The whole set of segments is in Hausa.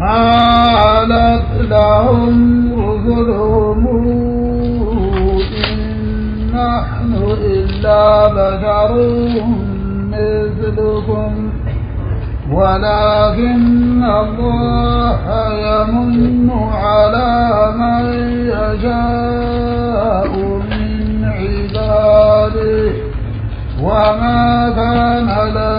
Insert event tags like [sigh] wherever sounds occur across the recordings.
حالت لهم ظلم إن نحن إلا بشر مثلكم ولكن الله يمن على من يشاء من عباده وما كان له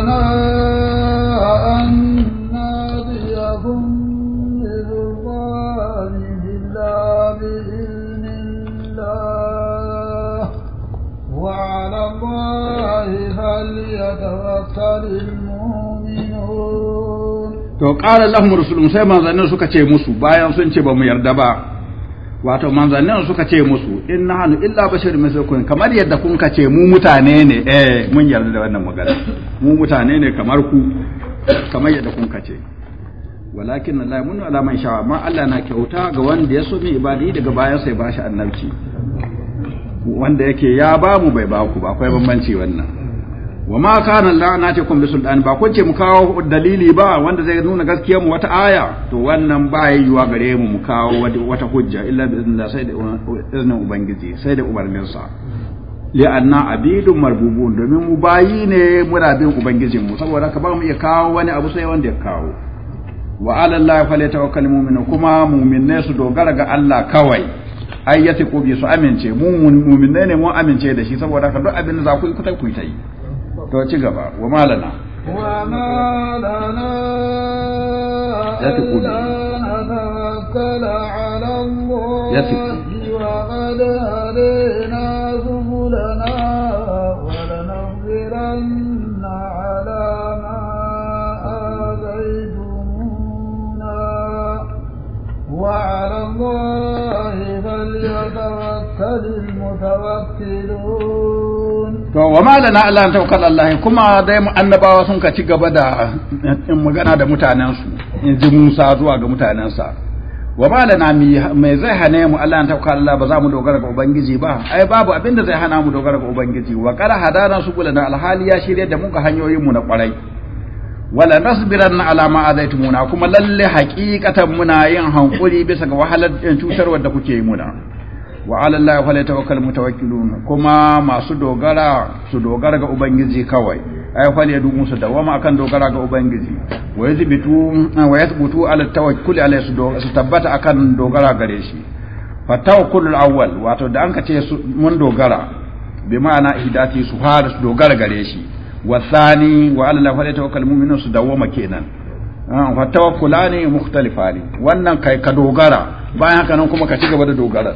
to qala lahum rasulun sai manzannin suka ce musu bayan sun ce ba mu yarda ba wato manzannin suka ce musu in hannu illa bashar mislukum kamar yadda kun ka ce mu mutane ne eh mun yarda da wannan magana mu mutane ne kamar ku kamar yadda kun ka ce walakin na mun ala man sha'a ma Allah na kyauta ga wanda ya so mai ibadi daga bayan sai bashi annabci wanda yake ya ba mu bai ba ku ba akwai bambanci wannan wa ma kana bi sultan ba kun ce mu kawo dalili ba wanda zai nuna gaskiyar mu wata aya to wannan ba yiwa gare mu mu kawo wata hujja illa bi idnillah sai da iznin ubangiji sai da umarnin sa li'anna abidun marbubun domin mu bayi ne muna bin ubangijin mu saboda ka ba mu iya kawo wani abu sai wanda ya kawo wa ala allahi falyatawakkal mu'minu kuma mu'minne su dogara ga Allah kawai ayyati ku bi su amince mu mu'minne ne mu amince da shi saboda ka duk abin da za ku yi ku ta yi to ci gaba wa malana wa malana ya tukuni نتوكل على الله وقد هدينا سبلنا على ما آذيتمونا وعلى الله فليتوكل المتوكلون to wa malana Allah ta tawakkal Allah kuma dai annabawa sun ka ci gaba da eh, magana da mutanen su in ji Musa zuwa ga mutanen sa wa malana lana mai zai hane mu Allah ta tawakkal Allah ba za mu dogara ga ubangiji ba ai babu abin da zai hana mu dogara ga ubangiji wa qara hadana na alhali ya shirye da mu ga hanyoyin mu na kwarai wala nasbiran ala ma azaitumuna kuma lalle haqiqatan muna yin hankuri bisa ga wahalar eh, cutarwar da kuke yi muna wa ala Allah falyatawakkal mutawakkilun kuma masu dogara su dogara ga ubangiji kawai ay falyadu musu dawama akan dogara ga ubangiji wa yazbitu wa yathbutu ala tawakkul ala su tabbata akan dogara gare shi fa tawakkul awwal wato da an ce mun dogara bi ma'ana hidati su fara su dogara gare shi wa thani wa ala Allah falyatawakkal mu'minun su dawama kenan ah, fa tawakkulani mukhtalifani wannan kai ka dogara bayan haka nan kuma ka ci gaba da dogarar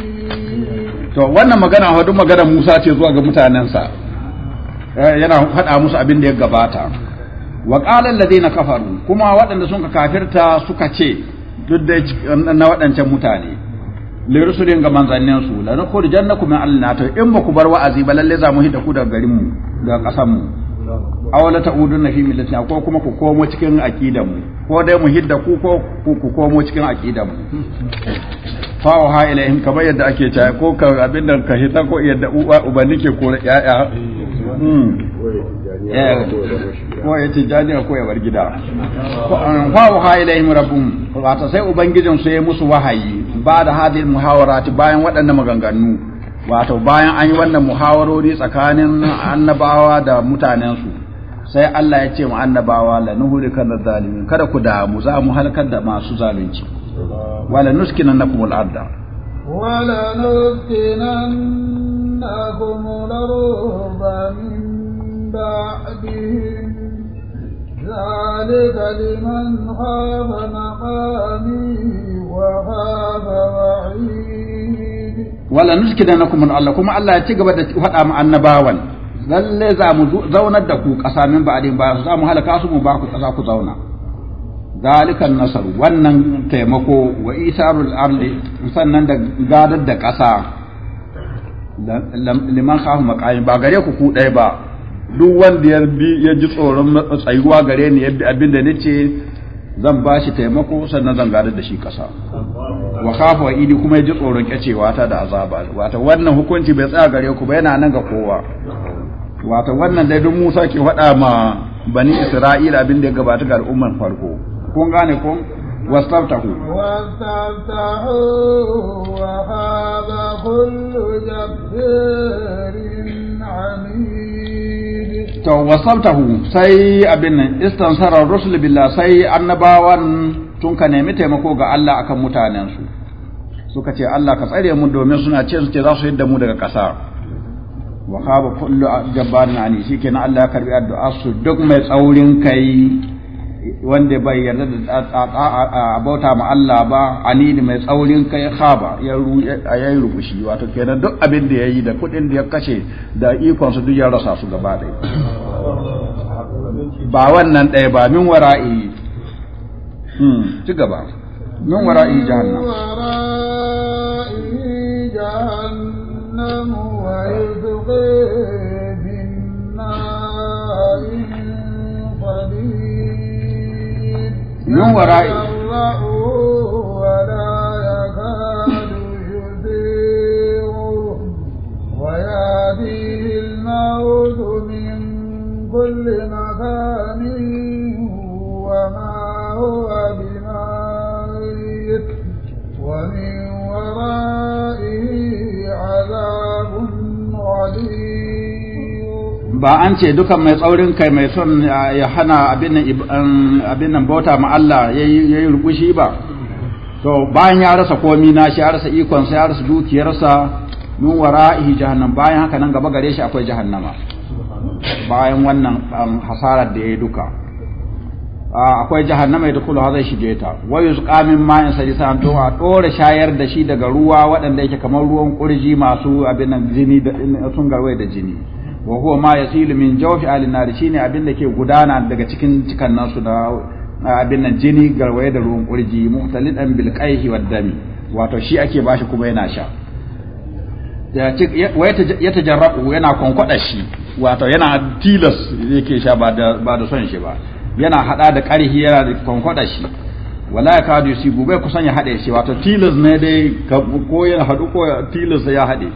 to wannan magana hudu magana Musa ce zuwa ga mutanensa eh, yana faɗa musu abin da ya gabata wa qala alladhina kafaru kuma waɗanda sun ka kafirta suka ce duk da na waɗancan mutane rusulin ga manzannin su la nukhrijannakum min alnata in ba ku bar wa'azi ba lallai za mu hidda ku daga garin mu daga kasan mu awala la ta'uduna fi millatina ko kuma ku komo cikin aqidan mu ko dai mu hidda ku ko ku komo cikin aqidan mu fa wa ha ilaihim kamar yadda ake ta ko ka abin da ka hita ko yadda uba uba nake ko yaya hmm. eh, ko ya ce jani ko ya bar gida fa wa ilaihim rabbum wato sai ubangijin su ya musu wahayi ba da hadin muhawarati bayan waɗannan maganganu wato bayan an yi wannan muhawarori tsakanin annabawa da mutanensu sai Allah ya ce mu annabawa la nuhurikan zalimin kada ku damu za mu halkar da masu zalunci wala nuskinan al-arda wala nuskinan zalika liman wa wala nuskidannakum Allah kuma Allah ya ci gaba da faɗa mu annabawan lalle za mu zaunar da ku ƙasa min adin ba za mu halaka su mu ba ku ƙasa ku zauna zalikan nasar wannan taimako wa isarul ardi sannan da gadar da ƙasa liman khafu maqaim ba gare ku ku ɗaya ba duk wanda ya ji tsoron tsayuwa gare ni abinda nace zan ba shi taimako sannan zan gadar da shi ƙasa wa khafa wa idi kuma ji tsoron kyacewa ta da azaba wata wannan hukunci bai tsaya gare ku ba yana nan ga kowa wata wannan dai duk Musa ke faɗa ma bani Isra'ila abin da ya gabata ga al'ummar farko kun gane kun wastaftahu wa hada kullu جبار amin to wasaltahu sai abin nan istansara rusul billah sai annabawan tun ka nemi taimako ga Allah akan mutanensu suka ce Allah ka tsare mu domin suna ce su ce za su yadda mu daga ƙasa wa khaba kullu jabbarin ani shikenan Allah ya karbi addu'a su duk mai tsaurin kai wanda bai yarda da a ma Allah ba anini mai tsaurin kai khaba ya yi rubushi wato kenan duk abin da ya yi da kudin da ya kashe da ikon su duk ya rasa su gaba ɗaya ba wannan ɗaya ba min wara'i hmm, ci gaba min wara'i jahannam wara'i jahannam wa min wara'i ba an ce dukan mai tsaurin kai mai son ya hana abin nan bauta ma Allah ya yi rukushi ba to bayan ya rasa komi na shi ya rasa ikonsa ya rasa dukiyarsa min ihi jahannam bayan haka nan gaba gare shi akwai jahannama bayan wannan um, hasarar da ya yi duka akwai jahannama ya dukulu hazai shige ta Wai zuqa kamin ma'in sadisa to a dora shayar da shi daga ruwa waɗanda yake kamar ruwan kurji masu abin nan jini da sun garwai da jini wa huwa ma yasilu min jawfi al-nar shine abin da ke gudana daga cikin cikan nasu da abin nan jini garwaye da ruwan kurji muhtalidan bil qaihi wad dami wato shi ake bashi kuma yana sha ya tajarrabu yana kwankwada shi wato yana tilas yake sha ba da ba da son shi ba yana hada da karhi yana da kwankwada shi wala ya kadu yusibu bai kusan ya hade shi wato tilas ne dai ko ya hadu ko tilas ya hade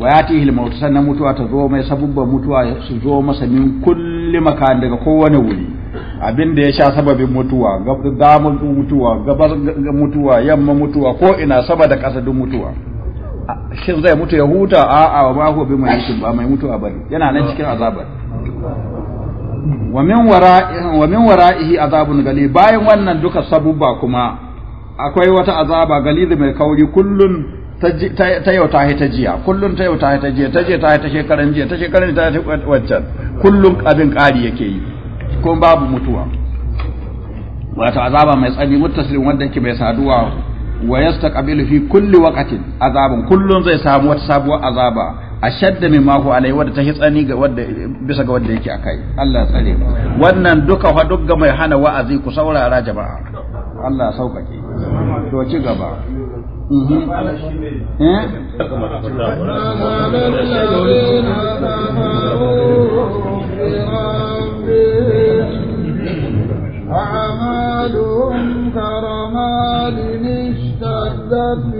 wa ya tihil mautu sannan mutuwa ta zo mai sabubban mutuwa su zo masa min kulli makan daga kowane wuri abin da ya sha sababin mutuwa gaban mutuwa gabar mutuwa yamma mutuwa ko ina sama da ƙasa duk mutuwa shin zai mutu ya huta a'a ba ko bi mai ba mai mutuwa bari yana nan cikin azabar wa min wara'ihi wa min wara'ihi azabun gali bayan wannan duka sabubba kuma akwai wata azaba da mai kauri kullun ta yau ta ta jiya kullum ta yau ta ta jiya ta je ta ta shekaran jiya ta shekaran ta ta waccan kullum abin ƙari yake yi ko babu mutuwa wato azaba mai tsani muttasirin wanda yake mai saduwa wa yastaqbilu fi kulli waqtin azabun kullum zai samu wata sabuwar azaba ashadda mimma hu alai wanda ta hitsani ga wanda bisa ga wanda yake akai Allah ya tsare wannan duka fa duk mai hana wa'azi ku saurara jama'a Allah ya sauƙaƙe to ci gaba أعمالهم كرماد اشتدت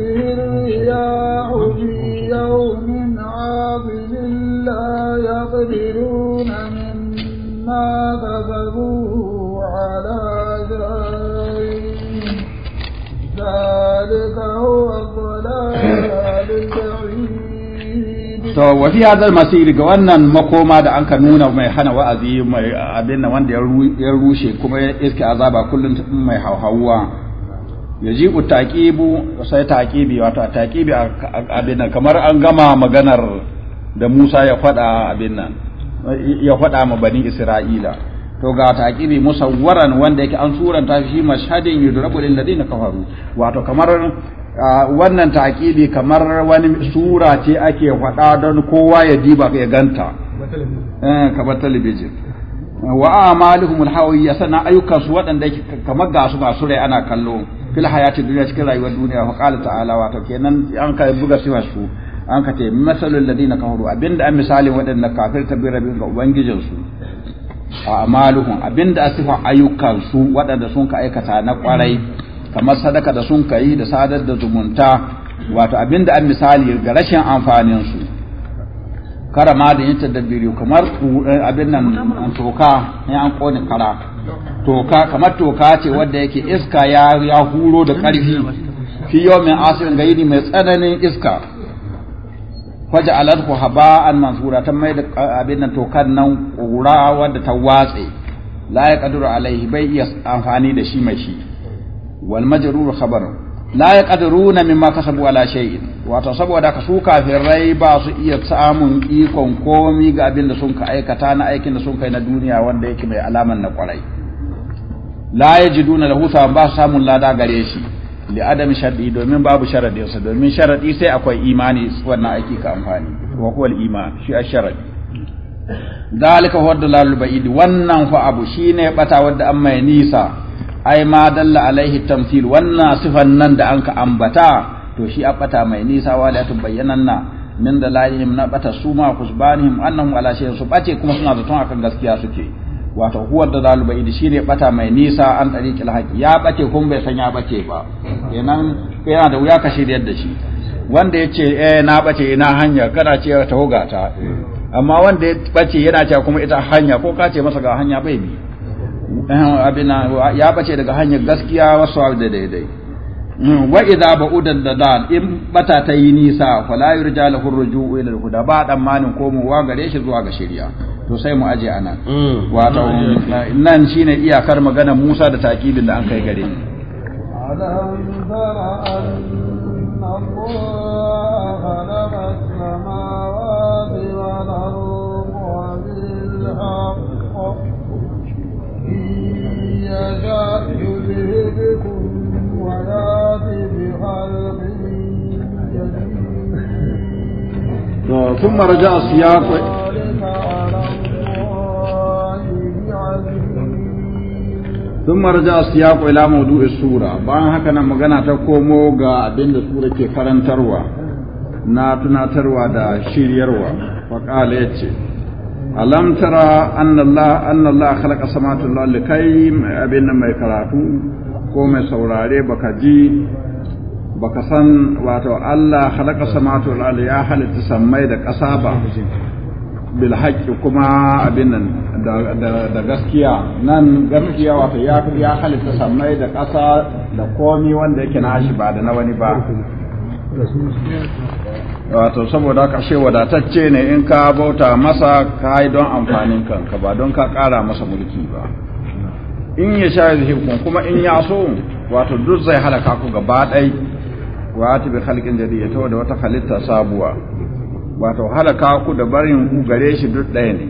to wa fi hadal masir ga wannan makoma da anka nuna mai hana wa'azi mai abin da wanda ya rushe kuma ya iske azaba kullum mai hauhawa yaji utaqibu sai taƙibi wato taƙibi abin nan kamar an gama maganar da Musa ya faɗa abin nan ya faɗa ma bani Isra'ila to ga taqibi musawwaran wanda yake an suranta shi mashhadin yudrabu lil ladina kafaru wato kamar wannan taƙidi kamar wani sura ce ake faɗa don kowa ya diba ya ganta eh, kamar talibijin wa amalihum ya sana ayyukan su waɗanda kamar ga su masu rai ana kallo fil hayati duniya cikin rayuwar duniya fa qala ta'ala wato kenan an ka buga sifar su an ka ce masalul ladina kafaru abinda an misalin waɗanda kafir rabin ga ubangijin su a amaluhum abinda asifa ayyukan su waɗanda sun ka aikata na kwarai kamar sadaka da sun kai da sadar da zumunta wato abinda an misali ga rashin amfanin su karama da yin tadabbiri kamar eh, abin nan toka ya an kone kara toka kamar toka ce wadda yake iska ya ya huro da ƙarfi fi mai asirin yini mai tsananin iska ku haba an mansura ta mai da eh, abin nan tokan nan kura wadda ta watse la ya kaduru alaihi bai iya amfani da shi mai shi wal majrur khabar la yaqdiruna mimma kasabu ala shay'in wato saboda ka su kafirai ba su iya samun ikon komi ga abin da sun ka aikata na aikin da sun kai na duniya wanda yake mai alaman na kwarai la yajiduna lahu sa ba samun lada gare shi li adam shar'i domin babu sharaɗi domin sharadi sai akwai imani wannan aiki ka amfani wa huwa iman shi ash-sharadi dalika huwa dalalul ba'id wannan fa abu shine bata wanda an mai nisa ai ma dalla alaihi tamthil wannan sifan nan da anka ambata to shi abbata mai nisa wa la tubayyananna min dalalihim na bata ma kusbanihim annahum ala shay'in su bace kuma suna zaton akan gaskiya suke wato huwa da zalu bai shi ne bata mai nisa an tariqil haqi ya bace kun bai san ya bace ba kenan yana da wuya ka shiryar da shi wanda yace eh na bace ina hanya kana ce ta hogata amma wanda ya bace yana cewa kuma ita hanya ko ka ce masa ga hanya bai bi Eh, ya bace daga hanyar gaskiya wasu da daidai hmm, wa idza ba'udan dan in bata ta yi nisa fala yurja lahu ruju'u ila al-huda ba dan manin komowa gare shi zuwa ga shari'a to sai mu aje anan hmm. wato nan shine iyakar magana Musa da takibin da an kai gare ni Allah ثم رجع السياق ثم رجع السياق إلى موضوع السورة بعد هكذا مغانا تقومو غا بين السورة كي كرنتروا na tunatarwa دا shiryarwa faƙala ya ce alam tara anna Allah anna Allah khalaqa samawati wal ardi kai abin mai karatu ko mai saurare baka ji baka san wato Allah khalaqa samatu wal ya halitta samai da ƙasa ba bil haqqi kuma abin nan da gaskiya nan gaskiya wato ya ya halitta samai da ƙasa da komi wanda yake na shi ba da na wani ba wato saboda ka wadatacce ne in ka bauta masa ka yi don amfanin kanka ba don ka kara masa mulki ba in ya sha yuzhikum kuma in ya so wato duk zai halaka ku gaba ɗai wato bi khalqin jadid ya da wata halitta sabuwa wato halaka ku da barin ku gare shi duk ɗaya ne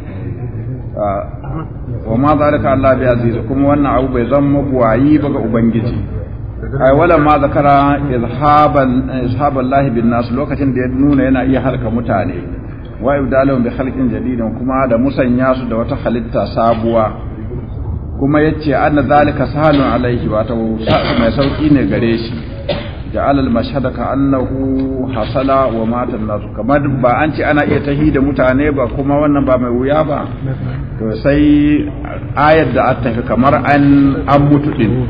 ah, wa ma zalika Allah bi aziz kuma wannan abu bai zama buwayi ba ga ubangiji ai wala ma zakara izhaban izhaban lahi bin nas lokacin da ya nuna yana iya halka mutane wa ibdalahum bi khalqin jadidin kuma da musanya su da wata halitta sabuwa kuma yace anna zalika sahalun alaihi wa mai sauki ne gare shi ja'ala al-mashhada ka annahu hasala wa matan nas kamar ba an ce ana iya tahi da mutane ba kuma wannan ba mai wuya ba to sai ayar da tafi kamar an an mutu din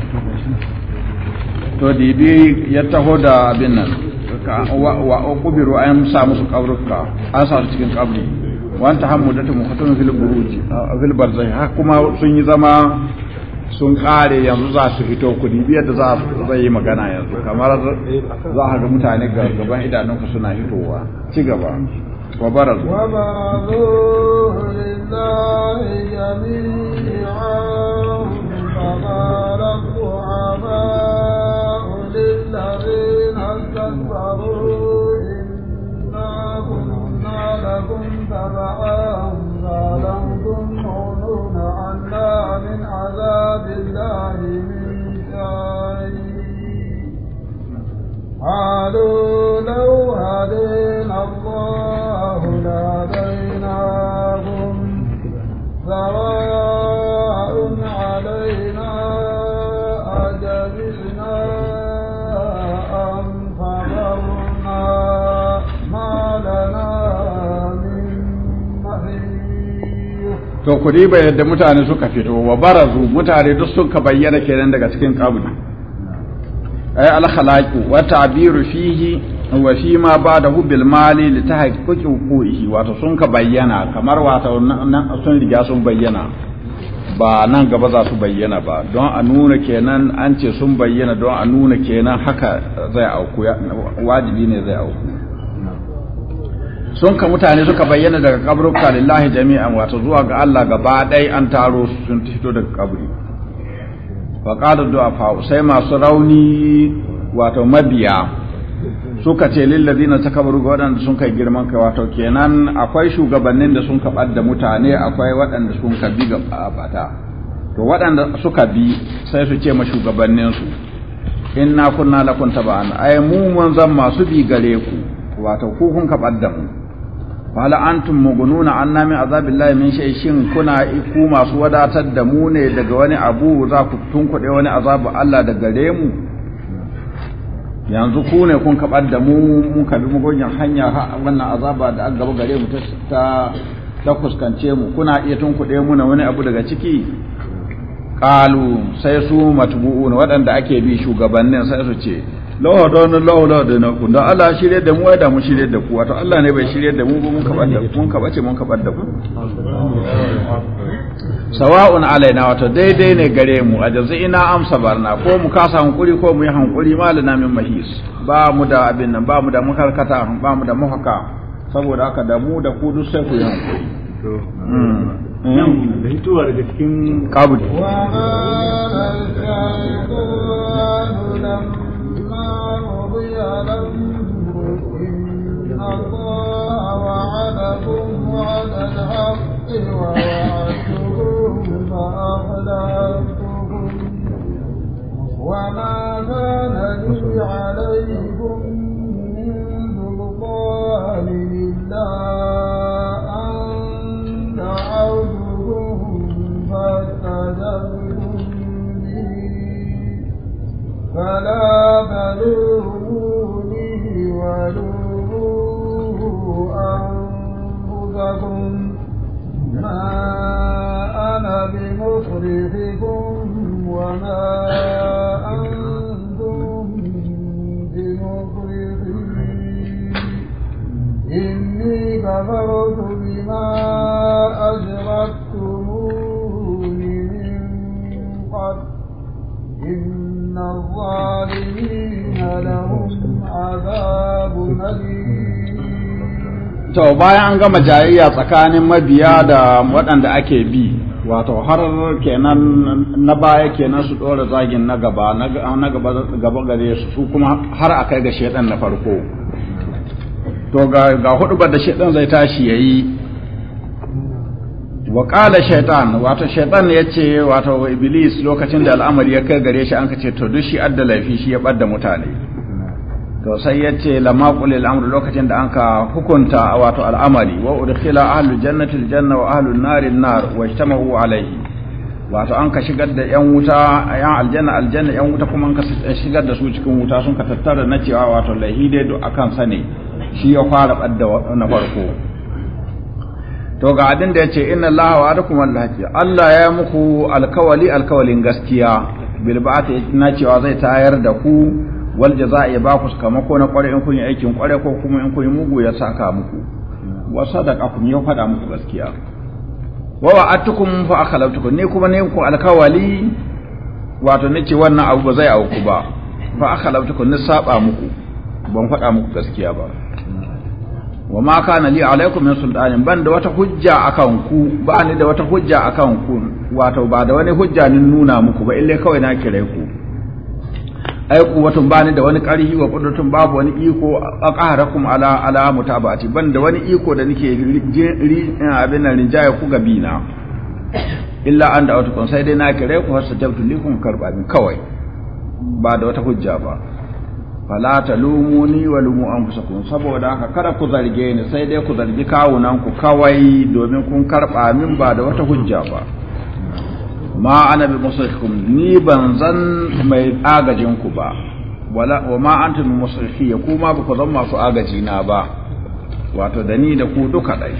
to dibi ya taho da abin nan wa a yin sa musu kabrukka an sa su cikin kabri wanta hamudatu mukhatun fil buruji filbar barzai har kuma sun yi zama sun kare yanzu za su fito kudi biyar da za yi magana yanzu kamar za a ga mutane gaban idanunka suna hitowa ci gaba wa barazu lillahi الذين استكبروا إنا كنا لكم تبعا فلنتم تغنون عنا من عذاب الله من شيء قالوا لو هدينا الله لهديناكم سواء علينا to ku riba yadda mutane suka fito wa barazu mutane duk sun ka bayyana kenan daga cikin kabuna ay al khalaqu wa ta'biru fihi wa fi ma hu bil mali li tahaqqiqi huquqihi wato sun ka bayyana kamar wato nan sun riga sun bayyana ba nan gaba za su bayyana ba don a nuna kenan an ce sun bayyana don a nuna kenan haka zai auku wajibi ne zai auku sun ka mutane suka bayyana daga kabruka lillahi jami'an wato zuwa ga Allah gaba ɗai an taro sun fito daga kabri fa qala fa sai masu rauni wato mabiya suka ce lil ladina takabaru ga waɗanda sun kai girman kai wato kenan akwai shugabannin da sun ka da mutane akwai waɗanda sun ka bi ga bata to waɗanda suka bi sai su ce ma shugabannin su inna kunna lakum taba'an ay mu mun masu bi gare ku wato ku kun ka da mu wala antum mugununa anna min azabillahi min shay shin kuna iku masu wadatar da mu ne daga wani abu za ku tunkuɗe wani azabu Allah da gare mu yanzu ku ne kun kabar da mu mun kabi mugunyan hanya wannan azaba da aka gaba gare mu ta ta mu kuna iya tunkuɗe mu na wani abu daga ciki qalu sai su matbu'un waɗanda ake bi shugabannin sai su ce lawa da wannan lawa da na kun da Allah shirya da mu ya da mu shirye da ku wata Allah ne bai shirya da mu ba mun kaba da mun ce mun kaba da ku sawa'un alaina wato daidai ne gare mu a ina amsa barna ko mu kasa hankuri ko mu yi hankuri malana min mahis ba mu da abin nan ba mu da mukarkata ba mu da muhaka saboda haka da mu da ku duk sai ku yi hankuri da hmm. hmm. cikin فلما قضي إن الله وعدكم وعد الحق ووعدتكم فأخلفتكم وما كان لي عليكم من سلطان الله فلا بلوني ولوه أنفسكم ما أنا بمصرخكم وما أنتم بمصرخي إني كفرت to bayan an gama jayayya tsakanin mabiya da waɗanda ake bi wato har kenan na baya kenan su ɗora zagin na gaba na gaba gare su su kuma har a kai ga shaidan na farko to ga hudubar da shaidan zai tashi ya yi wa ƙala shaitan wato shaitan ya ce wato iblis lokacin da al'amari ya kai gare shi an ka ce to duk shi adda laifi shi ya ɓadda mutane to sai ya ce lamma qulil amru lokacin da anka hukunta wato al'amari wa udkhila ahlul jannati aljanna wa ahlun nari nar wa ijtama'u alayhi wato an ka shigar da yan wuta yan aljanna aljanna yan wuta kuma an ka shigar da su cikin wuta sun ka tattara na cewa wato lahi dai duk akan sa ne shi ya fara badda na farko to ga abin da yace inna allaha wa'adakum al-haqq Allah ya muku alkawali alkawalin gaskiya bil ba'ati na cewa zai tayar da ku wal jaza'i ya baku sakamako na kware in kun yi aikin kware ko kuma in kun yi mugu ya saka muku wa kun ya faɗa muku gaskiya wa wa'atukum fa akhalatukum ne kuma ne ku alkawali wato nake wannan abu ba zai auku ba fa akhalatukum ne saba muku ban faɗa muku gaskiya ba wa ma kana li alaikum min sultanin ban da wata hujja akan ku ba ni da wata hujja akan ku wato ba da wani hujja nuna muku ba illai kawai na kire ku ai kuwatun bani da wani ƙarfi wa qudratun babu wani iko a aqaharakum ala ala mutabati ban da wani iko da nake ri abin nan rinjaya ku gabi na illa an da wata sai dai na kire ku har sajabtu likum karɓa min kawai ba da wata hujja ba fala talumuni wa lumu anfusakum saboda haka kada ku zarge ni sai dai ku zargi kawunan ku kawai domin kun karba min ba da wata hujja ba ma ana bi musrikhkum ni ban zan mai agajin ku ba wala wa ma antum musrikhi ya kuma ba ku zan masu agaji na ba wato da ni da ku duka dai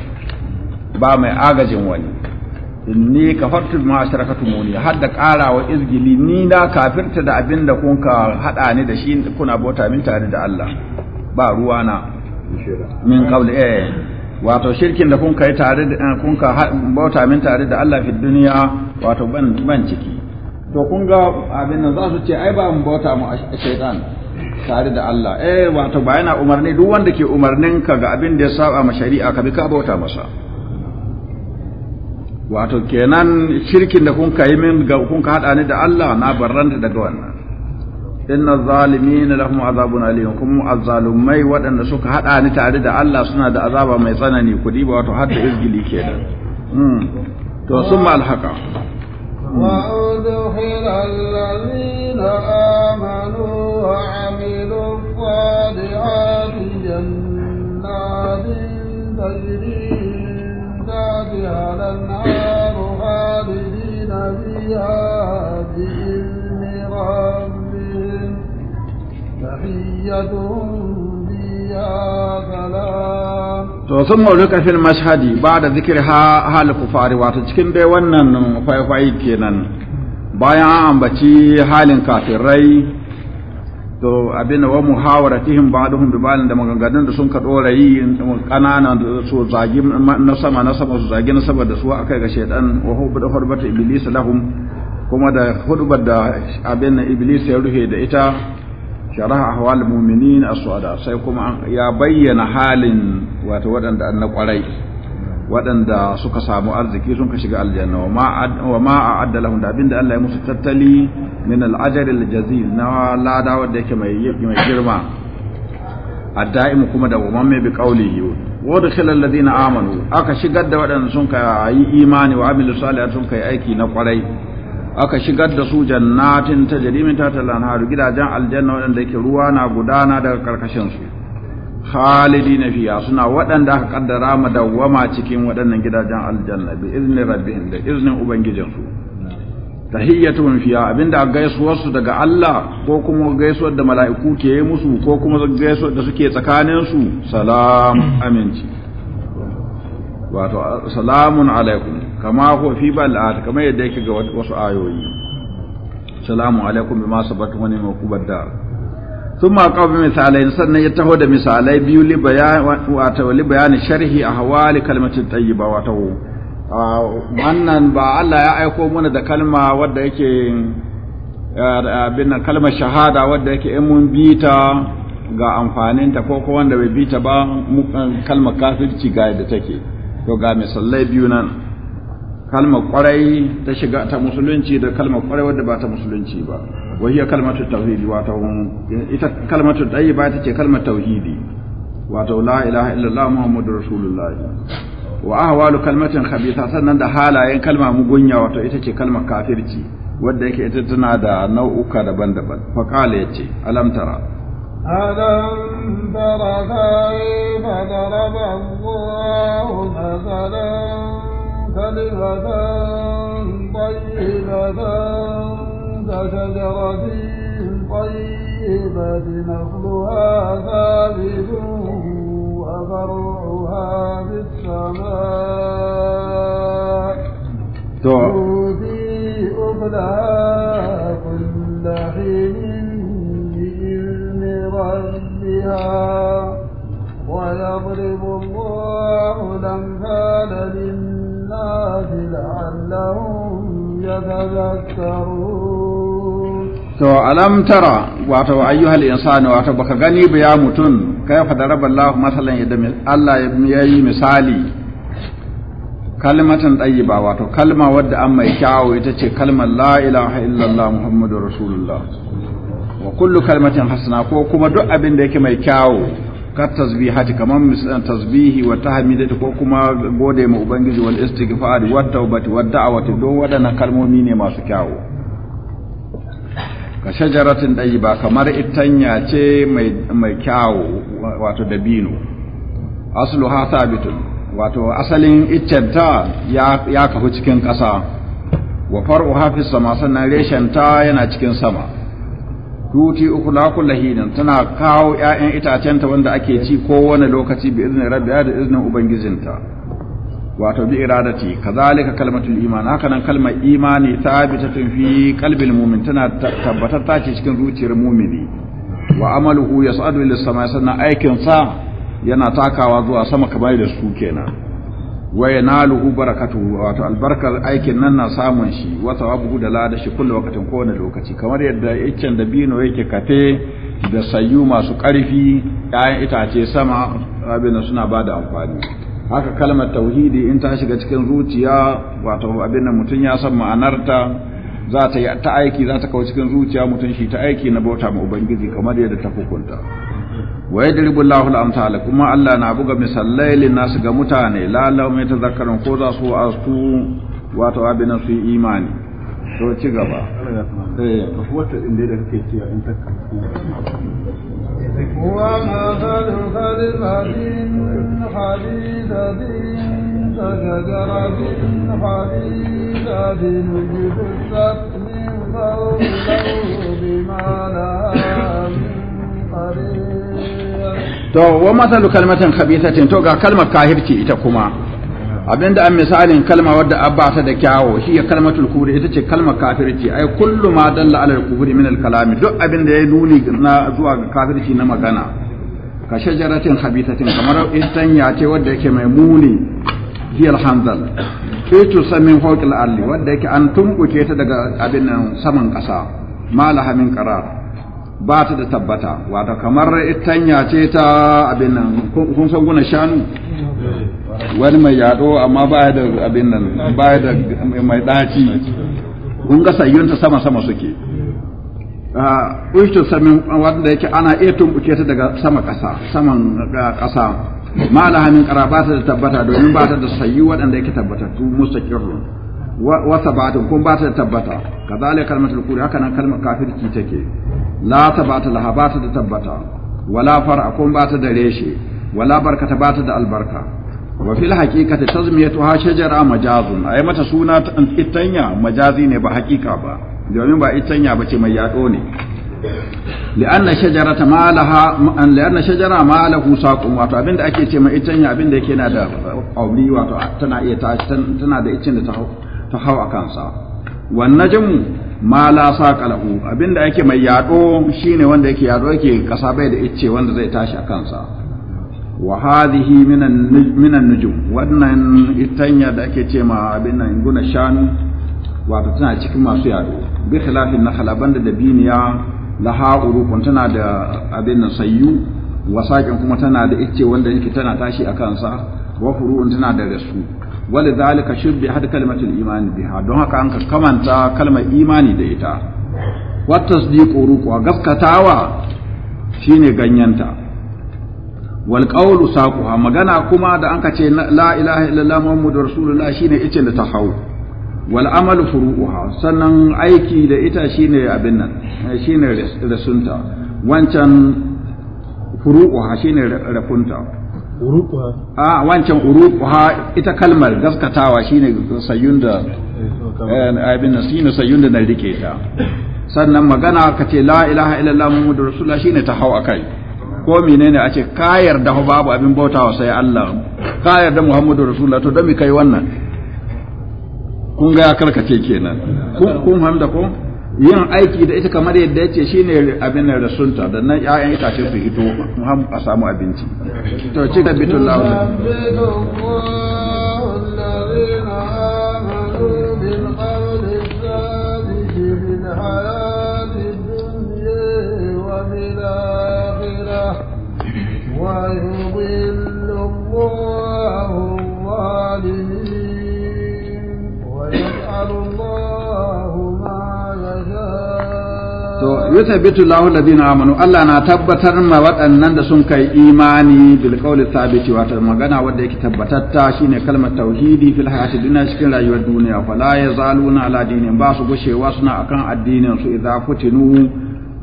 ba mai agajin wani Ni inni kafartu ma asharakatumuni har da karawa izgili ni na kafirta da abinda kun ka hada ni da shi kuna bota min tare da Allah ba ruwana min eh wato shirkin da kun kai tare da eh, kun ka bauta min tare da Allah fi duniya wato ban ban ciki to kun ga abin nan za su ce ai ba mu bauta mu shaytan tare da Allah eh wato ba yana umarni duk wanda ke umarnin ka ga abin da ya saba ma shari'a ka bi ka bauta masa wato kenan shirkin da kun kai min ga kun ka hada ni da Allah na barranta daga wannan inna zalimin lahum azabun alim kuma azzalumai waɗanda suka haɗa ni tare da Allah suna da azaba mai tsanani kuɗi ba wato har da izgili kenan hmm. to summa alhaqa وأدخل الذين آمنوا وعملوا الصالحات جنات تجري تحتها الأنهار خالدين فيها بإذن ربهم to sun mawruka fil mashhadi ba'da zikir ha hal kufari wato cikin dai wannan faifai kenan bayan an ambaci halin kafirai to abin da wa muhawaratihim ba'dhum bi ba'd da maganganun da sun ka dora yi kanana su zagi na sama na sama su zagi na saboda su aka ga shaytan wa hubu da iblis lahum kuma da hudubar da abin iblis ya ruhe da ita sharaha ahwal mu'minin as-su'ada sai kuma ya bayyana halin wato waɗanda na kwarai waɗanda suka samu arziki sun ka shiga aljanna wa ma a'adda lahum da abinda Allah ya musu tattali min al-ajr al-jazil na lada wanda yake mai mai girma ada'imu kuma da umman mai bi qawlihi wa dakhala alladhina amanu aka shigar da waɗanda sun ka yi imani wa amilu salihati sun ka yi aiki na kwarai aka shigar da su jannatin ta jarimin ta talanharu gidajen aljanna waɗanda ke ruwa na gudana daga karkashinsu khalidi na fiya suna waɗanda aka ƙaddara kaddara madawwama cikin waɗannan gidajen aljanna bi iznin rabbihim da iznin ubangijinsu tahiyyatuhum fiya abinda su daga Allah ko kuma gaisuwar da mala'iku ke yi musu ko kuma gaisuwar da suke tsakaninsu salam aminci wato salamun alaikum kama ko fi bal'at kama yadda yake ga wasu ayoyi assalamu alaikum bima sabatu wani ma da sun ma bi misalai sannan ya taho da misalai biyu li bayani sharhi a hawali kalmatin tayyiba ta wannan ba Allah ya aiko mana da kalma wadda yake abin nan kalmar shahada wadda yake in mun bita ga amfaninta ko ko wanda bai bita ba kalmar kafirci ga yadda take to ga misalai biyu nan kalmar kwarai ta shiga ta musulunci da kalmar kwarai wadda ba ta musulunci ba wa hiya kalmatu tauhidi wato ita kalmatu ba ta ce kalmar tauhidi wato la ilaha illallah muhammadur rasulullah wa ahwalu kalmatin khabitha sannan da halayen kalma mugunya wato ita ce kalmar kafirci wadda yake ita tana da nau'uka daban-daban fa qala yace alam tara alam tara kayfa daraba Allahu مختلفة طيبة كشجرة طيبة نخلها ثابت وفرعها في السماء تؤتي أكلها كل حين بإذن ربها ويضرب الله to alam tara wato ayyuhal insani wato baka gani ba ya mutum kai fa daraba masalan yadda Allah ya yi misali kalmatan tayyiba wato kalma wadda an mai kyawo ita ce kalmar la ilaha illallah muhammadur rasulullah wa kullu kalmatin hasana ko kuma duk abin da yake mai kyawo ka tasbihati kamar misalan tasbihi wa tahmidati ko kuma gode ma ubangiji wal istighfar wa tawbati wa da'awati don wadana kalmomi ne masu kyawu ka shajaratin ba kamar itanya ce mai mai kyawu wato dabino asluha thabitun wato asalin iccenta ya ya kafu cikin ƙasa wa far'uha fis sama sannan reshen ta yana cikin sama tuti uku la kullu hinan tana kawo ƴaƴan itacenta wanda ake ci ko wani lokaci bi izni rabbiha da iznin ubangijinta wato bi iradati kazalika kalmatul iman haka nan kalmar imani ta tun fi qalbil mu'min tana tabbatar ta ce cikin zuciyar mu'mini wa amaluhu yas'adu ila sama sannan aikin sa yana takawa zuwa sama kamar da su kenan wa yanaluhu barakatuhu wato albarkar aikin nan na samun shi wata thawabuhu da lada shi kullu wakatin kowane lokaci kamar yadda iccen da bino yake kate da sayu masu ƙarfi ƴaƴan itace sama abin suna ba da amfani haka kalmar tauhidi in ta shiga cikin zuciya wato abin da mutum ya san ma'anarta za ta yi ta aiki za ta kawo cikin zuciya mutum shi ta aiki na bauta ma ubangiji kamar yadda ta hukunta wa yadribu Allahu al-amsal kuma Allah na buga misallai lin nasu ga mutane la law mai tazakkarun ko za su astu wato abin su imani to ci gaba wata inda da kake in to wa masalu kalmatin khabithatin to ga kalmar kahirci ita kuma abinda an misalin kalma wadda abba ta da kyawo shi ya kalmatul kuri ita ce kalma kafirci ai kullu ma dalla ala al min al-kalami duk abinda ya nuni na zuwa ga kafirci na magana ka shajaratin khabithatin kamar ya ce wadda yake mai muni hiya al-hanzal fitu samin hawqil alli. wadda yake an tumbuke ta daga abin nan saman kasa malaha min qarar ba ta da tabbata wato kamar itanya ce ta abin nan kun san guna shanu wani mai yado amma ba da abin nan ba da mai daci kun ga sayyunta sama sama suke ah, ushtu samin wanda yake ana iya tumbuke ta daga sama kasa saman kasa ah, ma ba ta da tabbata domin ba ta da sayyu wadanda yake tabbata tabbatattu mustaqirrun ba ta kun ba ta tabbata kazalika kalmatul kufri haka nan kalmar kafirci take la ta laha ba ta da tabbata wala far'a kun ba ta da reshe wala barkata ba ta da albarka wa fil haqiqati ha shajara majazun ai mata suna itanya majazi ne ba haqiqa ba domin ba itanya ba ce mai yado ne li'anna shajarata ma laha an li'anna shajara ma lahu saqum wato abinda ake ce mai itanya abinda yake na da auri wato tana iya tana da icin da ta hau ta hau a kansa wannan jin ma la saqa lahu abinda ake mai yado shine wanda yake yado yake kasa bai da icce wanda zai tashi a kansa wa hadhihi minan minan nujum wannan itanya da ake ce ma abin guna shanu wato tana cikin masu yado bi khilafin nakhla banda da biniya laha urukun tana da abin nan sayyu wasakin kuma tana da icce wanda yake tana tashi a kansa wa furu'un tana da rasu wali zalika shubbi had kalimatul imani biha don haka an kamanta kalmar imani da ita wa tasdiqu ruqwa gaskatawa shine ganyenta. wal qawlu magana kuma da an ka ce la ilaha illallah muhammadur rasulullah shine ice da ta hau wal amalu furu'uha sannan aiki da ita shine abin nan shine rasunta wancan furu'uha shine rafunta a wancan uruquha ita kalmar gaskatawa shine sayyun da eh, eh, abin nasina sayyun da na rike ta sannan magana ka ce la ilaha illallah muhammadur rasulullah shine ta hau akai ko menene a ce ka yarda babu abin bautawa sai Allah ka yarda muhammadu rasulullah to don mi kai wannan kun ga ya karkace kenan kun hamda ko yin aiki da ita kamar yadda ya ce shi ne abin da sunta da nan ‘ya'yan itace su hito a samu abinci to ci da bitun la'ula ويضل الله الظالمين bitu lahu alladhina amanu Allah na tabbatar ma waɗannan da sun kai imani bil qawli thabiti wato magana wanda yake tabbatatta shine kalmar tauhidi fil hayati dunya cikin rayuwar duniya fa la yazaluna ala dinin ba su gushewa suna akan addinin su idza futinu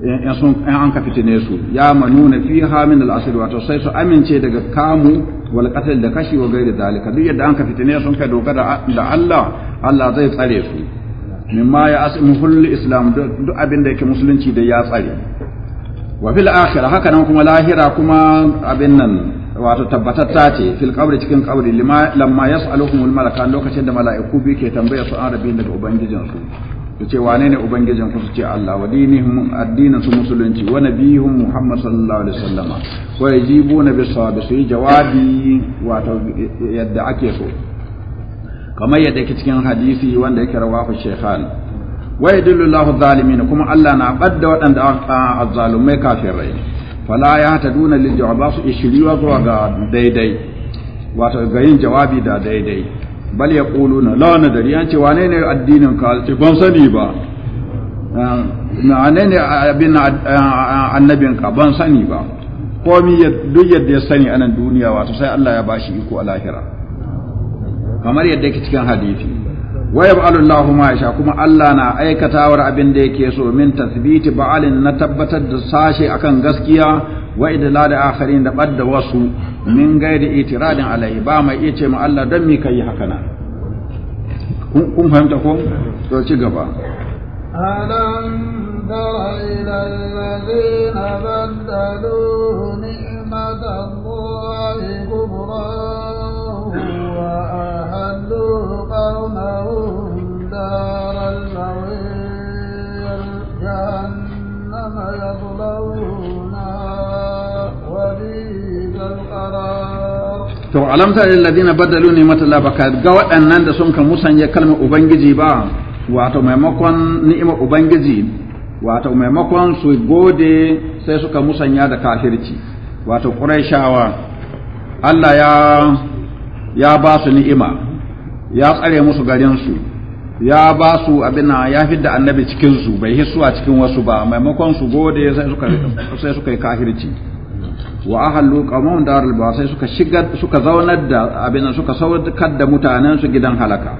in sun an ka fitine su ya manuna fiha min al asr wato sai su amince daga kamu wal qatl da kashi wa gairi dalika duk yadda an ka fitine sun kai dogara da Allah Allah zai tsare su mimma ya asmuhul islam duk abin da yake musulunci da ya tsare wa fil akhirah haka nan kuma lahira kuma abin nan wato tabbatatta ce fil qabri cikin qabri lamma yas'aluhumul malaka lokacin da mala'iku bi ke tambaya su an rabin daga ubangijin su su ce wane ne ubangijin ku su ce Allah wa dinihum addinin su musulunci wa nabiyuhum Muhammad sallallahu alaihi wasallama wa yajibuna bis sawabi su yi jawabi wato yadda ake so kamar yadda yake cikin hadisi wanda yake rawahu shaykhan wa yadullu Allahu zalimin kuma Allah na badda waɗanda azzalumai kafirai fala ya ta duna lil su ishiriwa zuwa ga daidai wato ga yin jawabi da daidai bal yaquluna la nadri an ce wane ne addinin ka ce ban sani ba wane ne abin eh, annabin ka ban sani ba komi duk yadda ya sani anan duniya wato sai Allah ya bashi iko a lahira kamar yadda yake cikin hadisi wa yaf'alu Allahu ma kuma Allah na aikatawar abin da yake so min tathbiti ba'alin na tabbatar da sashe akan gaskiya wa idlal akharin da badda wasu min gairi itiradin alai ba mai iya ce ma Allah dan mi kai haka na kun fahimta ko to ci gaba alam تر إلى الذين بدلوا نعمة الله to alam ta lil ladina badalu mata Allah baka ga waɗannan da sun ka musanya kalmar ubangiji ba wato maimakon ni'imar ubangiji wato maimakon su gode sai suka musanya da kafirci wato quraishawa Allah ya ya ba su ni'ima ya tsare musu garinsu ya ba su abin ya fidda annabi cikin su bai hisu a cikin wasu ba maimakon su gode sai suka sai suka yi kafirci wa ahallu qawmun darul ba sai suka shiga suka zaunar da abin suka saukar da mutanen su gidan halaka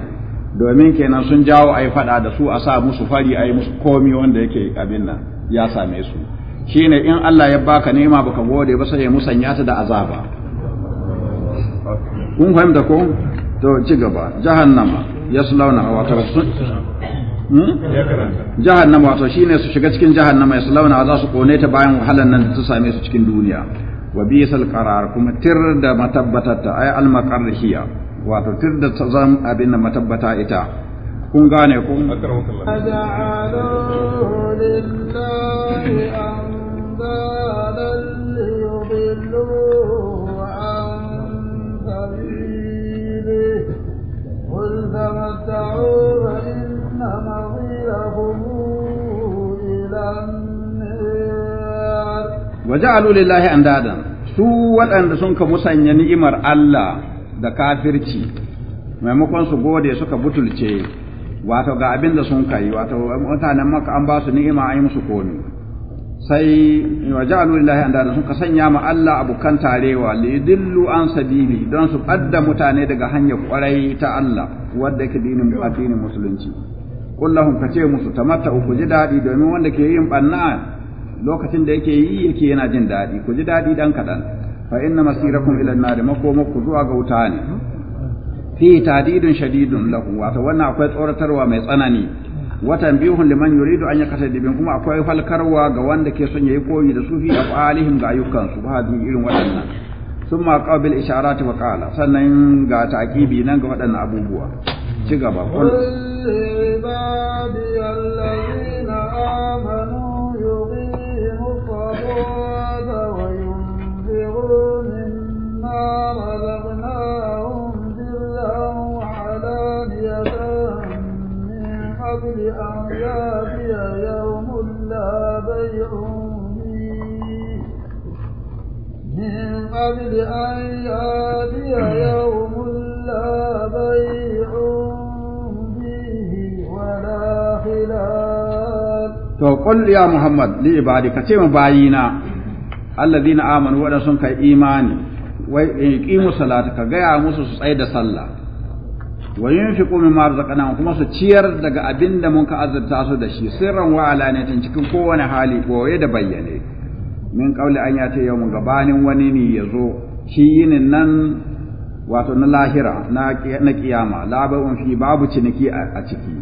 domin kenan sun jawo ai fada da su a sa musu fari ai musu komi wanda yake abin nan ya same su shine in Allah ya baka nema baka gode ba sai ya musanya ta da azaba kun fahimta ko to ci gaba jahannama yaslawna wato sun hmm? jahannama wato shine su shiga cikin jahannama yaslawna za su kone ta bayan wahalan nan da ta same su cikin duniya wa bisal qarar kuma tir da matabbatata ay al maqarrihiya wato tir da zan abin da matabbata ita kun gane ku akramakallahu waja'alu lillahi andadan su waɗanda sun ka musanya ni'imar Allah da kafirci maimakon su gode suka butulce wato ga abin da sun kai wato mutanen maka an ba su ni'ima ai musu komi sai waja'alu lillahi andadan sun ka sanya ma Allah abukan tarewa li dillu an sabili don su fadda mutane daga hanyar kwarai ta Allah wadda yake dinin addinin musulunci kullahum kace musu tamatta ku ji dadi domin wanda ke yin banna lokacin da yake yi yake yana jin daɗi ku ji daɗi dan kaɗan fa inna masirakum ila an makomakku zuwa ga wuta ne fi tadidun shadidun lahu wato wannan akwai tsoratarwa mai tsanani watan bihun liman yuridu an yakata dibin kuma akwai falkarwa ga wanda ke son yayi koyi da sufi a alihim ga ayyukan su ba irin waɗannan ma qabil isharati wa qala sannan ga taqibi nan ga waɗannan abubuwa ci gaba رزقناهم برا وعلانية من قبل أن يأتي يوم لا بيع فيه من قبل أن يأتي يوم لا بيع فيه ولا خلال to qul ya muhammad li ibadika ce ma bayina alladhina amanu wa sun kai imani wai in yuqimu salata ka gaya musu su tsaya da sallah wa yunfiqu mimma razaqnahum kuma su ciyar daga abinda mun ka azurta su da shi sirran wa alaniyatin cikin kowane hali boye da bayyane min qawli an ya ce yau, mun gabanin wani ne yazo shi yinin nan wato na lahira na kiyama labawun fi babu ciniki a ciki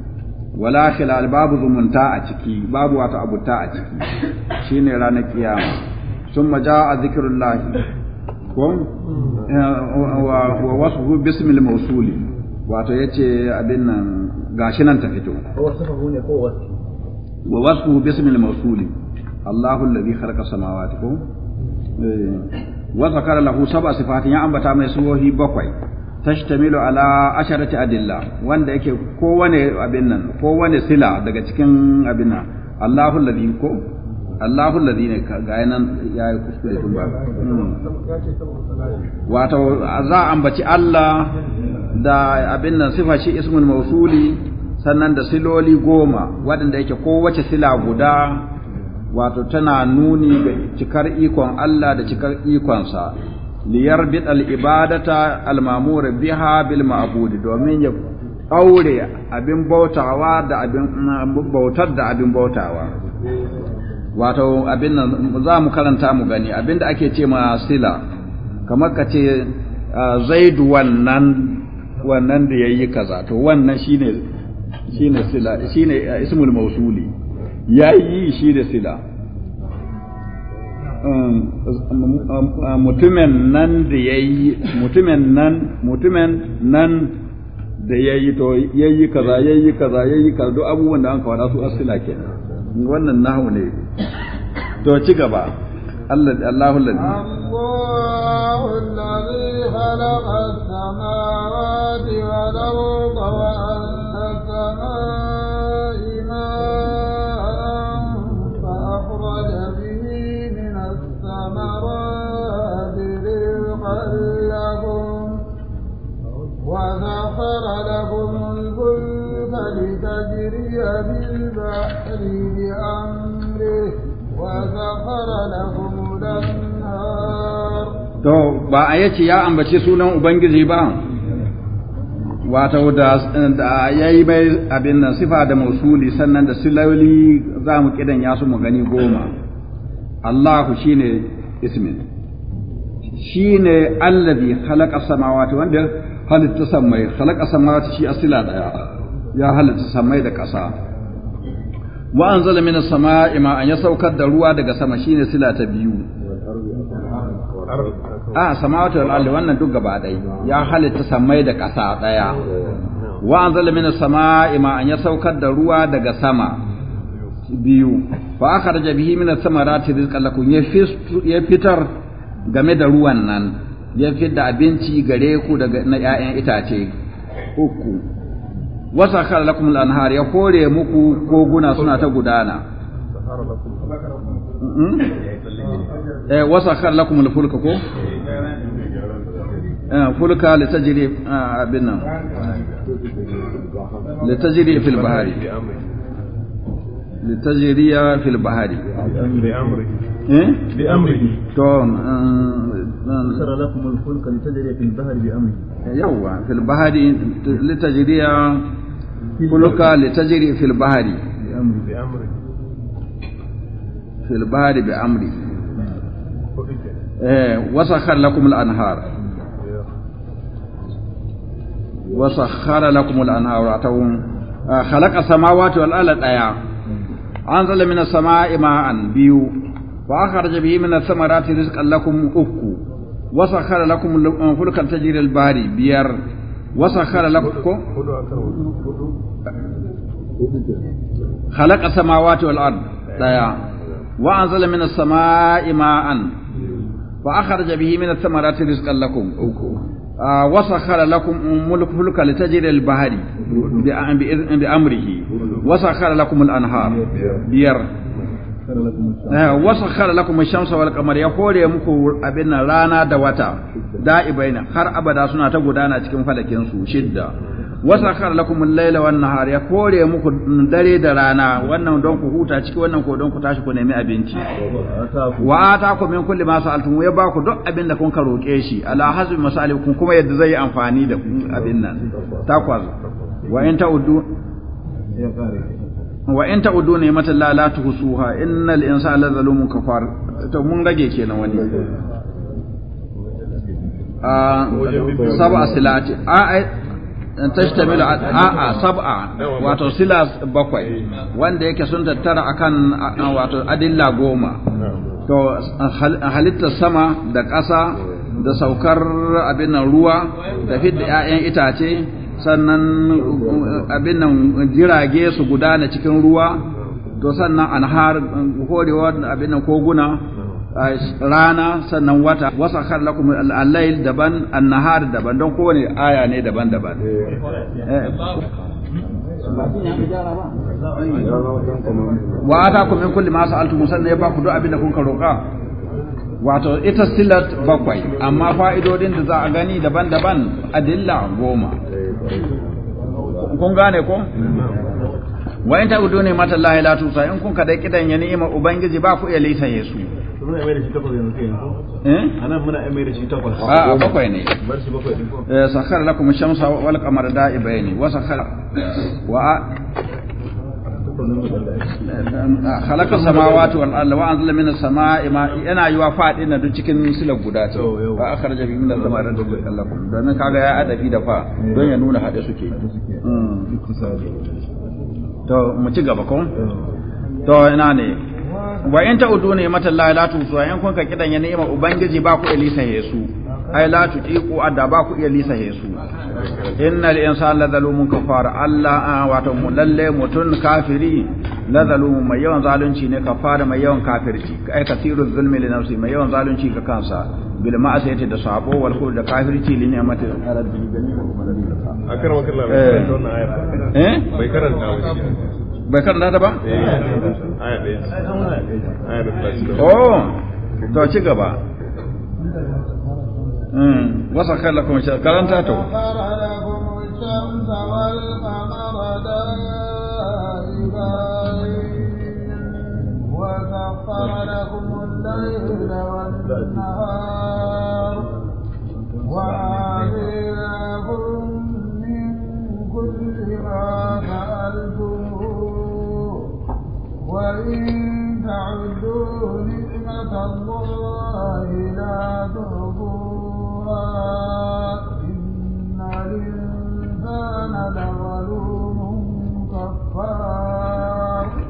wala khilal babu zumunta a ciki babu wato abuta a ciki shine ranar kiyama summa jaa zikrullahi ko wa wasfuhu bismil mawsuli wato yace abin nan gashi nan ta fito wasfuhu ne ko wasfu wa wasfuhu bismil mawsuli Allahu alladhi khalaqa samawati ko eh, wa zakara lahu sab'a sifatin ya ambata mai suwohi bakwai tashtamilu ala asharati adilla wanda yake kowane abin nan kowane sila daga cikin abin nan Allahu alladhi ko Allahu allazi ne ga nan ya yi kuskure tun ba hmm. wato za a ambaci Allah da abin nan sifa shi ismul mausuli sannan da siloli goma waɗanda yake kowace sila guda wato tana nuni ga cikar ikon Allah da cikar ikonsa liyar bidal ibadata almamura biha bil ma'budi domin ya aure abin bautawa da abin bautar da abin bautawa wato abin nan za mu karanta mu gani abin da ake ce ma sila kamar ka ce zaid wannan wannan da yayi kaza to wannan shine shine sila shine ismul mausuli yayi shi da sila um, um, um, mutumin nan da yayi mutumin nan mutumen nan da yayi to yayi kaza yayi kaza yayi kaza duk abubuwan da an kawo su asila kenan wannan nahu ne to ci gaba Allah Allahu ladhi Allahu ladhi khalaqa as-samawati wal arda wa لتجري بالبحر بأمره وسخر لهم الأنهار To, ba a yace ya ambace sunan Ubangiji ba, wato da ya yi bai abin nan sifa da mausuli sannan da siloli za mu kidan ya su mu gani goma. Allahu shi ne ismin, shi ne allazi khalaqa samawati wanda halitta samai khalaqa samawati shi asila daya. ya halitta samai da ƙasa wa anzala min as-sama'i ma'an ya saukar da ruwa daga sama shine sila ta biyu a samawati wal ardi wannan duk gaba ɗaya ya halitta samai da ƙasa ɗaya wa anzala min as-sama'i ma'an ya saukar da ruwa daga sama biyu fa akhraja bihi min ath-thamarati rizqan lakum ya fitar game da ruwan nan ya fitar da abinci gare ku daga na 'ya'yan itace uku وسخر لكم الأنهار يقول مكو سنا تا غدانا وسخر لكم الفلك كو إيه، فلك لتجري آه، بنا لتجري في البحر لتجري في البحر بأمره إيه؟ بأمره تون آه، آه. سر لكم الفلك لتجري في البحر بأمره يوا في البحر لتجري kuluka litajri fil bahri fil bahri bi amri eh wasakhar lakum anhar wasakhara lakum al anhar atawun khalaqa samawati wal arda daya anzala minas sama'i ma'an biyu wa akhraja bihi minas samarati rizqan lakum ukku biyar وسخر لكم خلق السماوات والأرض ديا وأنزل من السماء ماء فأخرج به من الثمرات رزقا لكم وسخر لكم ملك فلك لتجري البحر بأمره وسخر لكم الأنهار بير wasakhar eh, lakum ash-shamsa wal qamar ya hore muku abin nan rana da wata da'ibaina har abada suna ta gudana cikin falakin su shidda wasakhar lakum al-laila wan nahar ya hore muku dare da rana wannan don ku huta ciki wannan ko don ku tashi ku nemi abinci wa ataku min kulli ma sa'altum ya ba ku duk abin da kun ka roke shi ala hasbi masalikum kuma yadda zai yi amfani da abin nan takwazo wa in ta'uddu ya wa in ta'udu ne mata la tuhsuha innal insana la zalumun kafar to mun rage kenan wani a ah, sab'a silati a a a'a sab'a wato silas bakwai wanda yake sun tattara akan wato adilla goma to halitta sama da ƙasa da saukar abin ruwa da fidda 'ya'yan itace sannan abin nan jirage su gudana cikin ruwa to sannan anhar horewa abin nan koguna rana sannan wata wasa lakum al-layl daban an-nahar daban don kowane aya ne daban-daban wa atakum min kulli ma sa'altum sannan ya baku duk abin da kun ka roka wato ita silat bakwai amma fa'idodin da za a gani daban-daban adilla goma kun gane ko wa in ta'udu ne mata Allah la tusa in kun kada kidan ya ni'ima ubangiji ba ku iya lisa yesu anan muna mai da shi takwas a bakwai ne bar shi bakwai din ko eh, sakhar lakum shamsa wal qamara da'ibaini wa sakhar wa halakar السماوات والارض وانزل من السماء ماء انا ma yana yiwa fadin na cikin silar guda ce fa akhraja bi al samai da duk kallakum dan kaga ya adafi da fa don ya nuna hade suke mm. to mu ci gaba ko to ina ne wa in ta'udu ne mata la la tu so kun ka kidan ya ni'ima ubangiji ba ku ilisa yesu ai la tutiqu adda ba ku iya lisa yesu innal insana la zalumun kafar Allah ah, wato mu lalle mutun kafiri la zalumun mai yawan zalunci ne kafara mai yawan kafirci ai kasirul zulmi li nafsi mai yawan zalunci ga kansa bil ma'asiyati da sabo wal khul da kafirci li ni'mati rabbi akramak Allah eh bai karanta eh? bai karanta ba eh aya aya Oh, to ci gaba وسخر لكم الشمس كرنت تو وسخر لكم الليل والنهار وآتيناكم من كل ما فعلتموه وإن تعدوا نعمة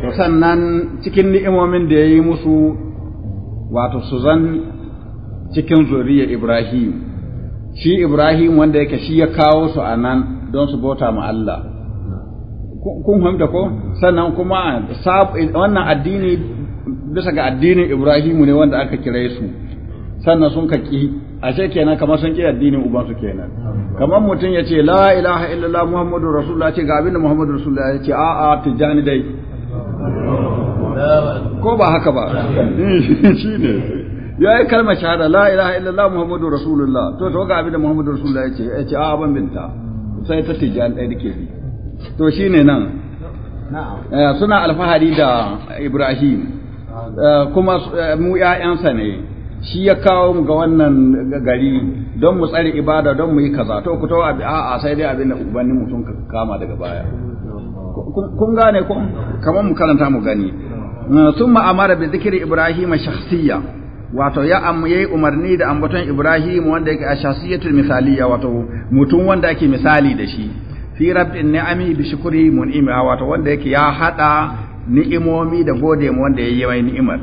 to sannan cikin ni'imomin da ya yi musu wato su zan cikin zuriyar Ibrahim shi Ibrahim wanda yake shi ya kawo su a nan don su bauta ma Allah kun fahimta ko sannan kuma wannan addini bisa ga addinin Ibrahim ne wanda aka kira su sannan sun kaki ashe kenan kamar sun ki addinin ubansu kenan kamar mutum ya ce la ilaha illallah muhammadu rasulullah ce ga da muhammadu rasulullah ya ce a'a tijani dai ko ba haka ba [laughs] ne ya yi kalmar shahada la ilaha illallah muhammadu rasulullah to to ga abinda muhammadu rasulullah ya ce a ban binta sai ta tijan ɗaya dake bi to shine nan eh, suna alfahari da ibrahim eh, kuma eh, mu ƴaƴansa ne shi ya kawo mu ga wannan gari don mu tsare ibada don mu yi kaza to ku tawa a'a sai dai abin da ubanni mutum kama daga baya kun gane ko kamar mu karanta mu gani ثم eh, amara bi dhikri ibrahim wato ya am yayi umarni da ambaton ibrahim wanda yake a shasiyatul misaliya wato mutum wanda ake misali da shi fi rabbin ni'ami bi shukri mun'ima wato wanda yake ya hada ni'imomi da gode mu wanda yayi mai ni'imar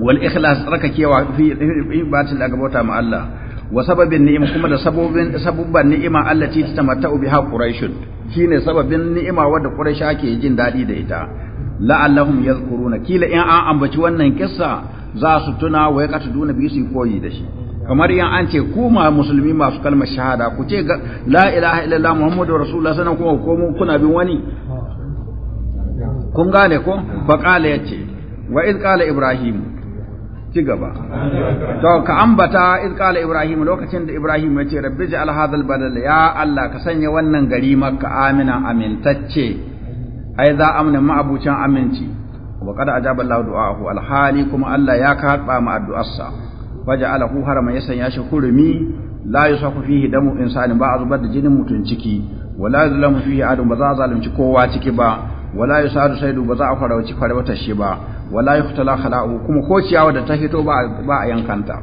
wal ikhlas rakakewa fi ibadatin da gabata ma Allah wa sababin ni'im kuma da sabobin sabubban ni'ima allati tatamatta'u biha quraishun shine sababin ni'ima wanda quraisha ke jin dadi da ita la'allahum yadhkuruna kila in an ambaci wannan kissa za su tuna wai wa yaqtaduna bi su koyi da shi kamar yan an ce ku ma musulmi masu kalmar shahada ku ce la ilaha illallah muhammadu rasulullah sanan kuma ko kuna bin wani kun gane ko fa qala yace wa id qala ibrahim ci gaba to ka ambata id qala ibrahim lokacin da ibrahim ya ce rabbi ja'al hadha al badal ya allah ka sanya wannan gari makka amina amintacce ai za amna ma'abucin aminci wa qad ajaba Allahu du'ahu alhali kuma Allah ya karba mu addu'arsa waja'alahu harama ya sanya shi kurumi la yusafu fihi damu insani ba a zubar da jinin mutun ciki wala zalamu fihi adu ba za zalunci kowa ciki ba wala yusadu saidu ba za a farauci farautar shi ba wala yuhtala khala'u kuma ko ciyawa da ta hito ba ba a yankanta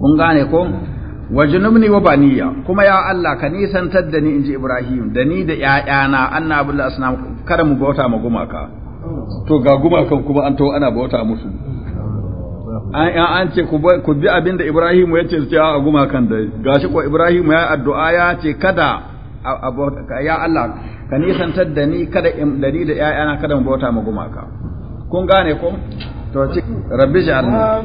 kun gane ko wajnubni wa baniya kuma ya Allah ka nisantar da ni inji Ibrahim da ni da ƴaƴana anna abul asnam kada mu bauta ma gumaka to ga gumaka kuma an to ana bauta musu an an ce ku bi abin da Ibrahim ya ce ya a gumakan da gashi ko Ibrahim ya addu'a ya ce kada ya Allah ka nisantar da ni kada da ni da ƴaƴana kada mu bauta ma gumaka kun gane ko to rabbi ja'alna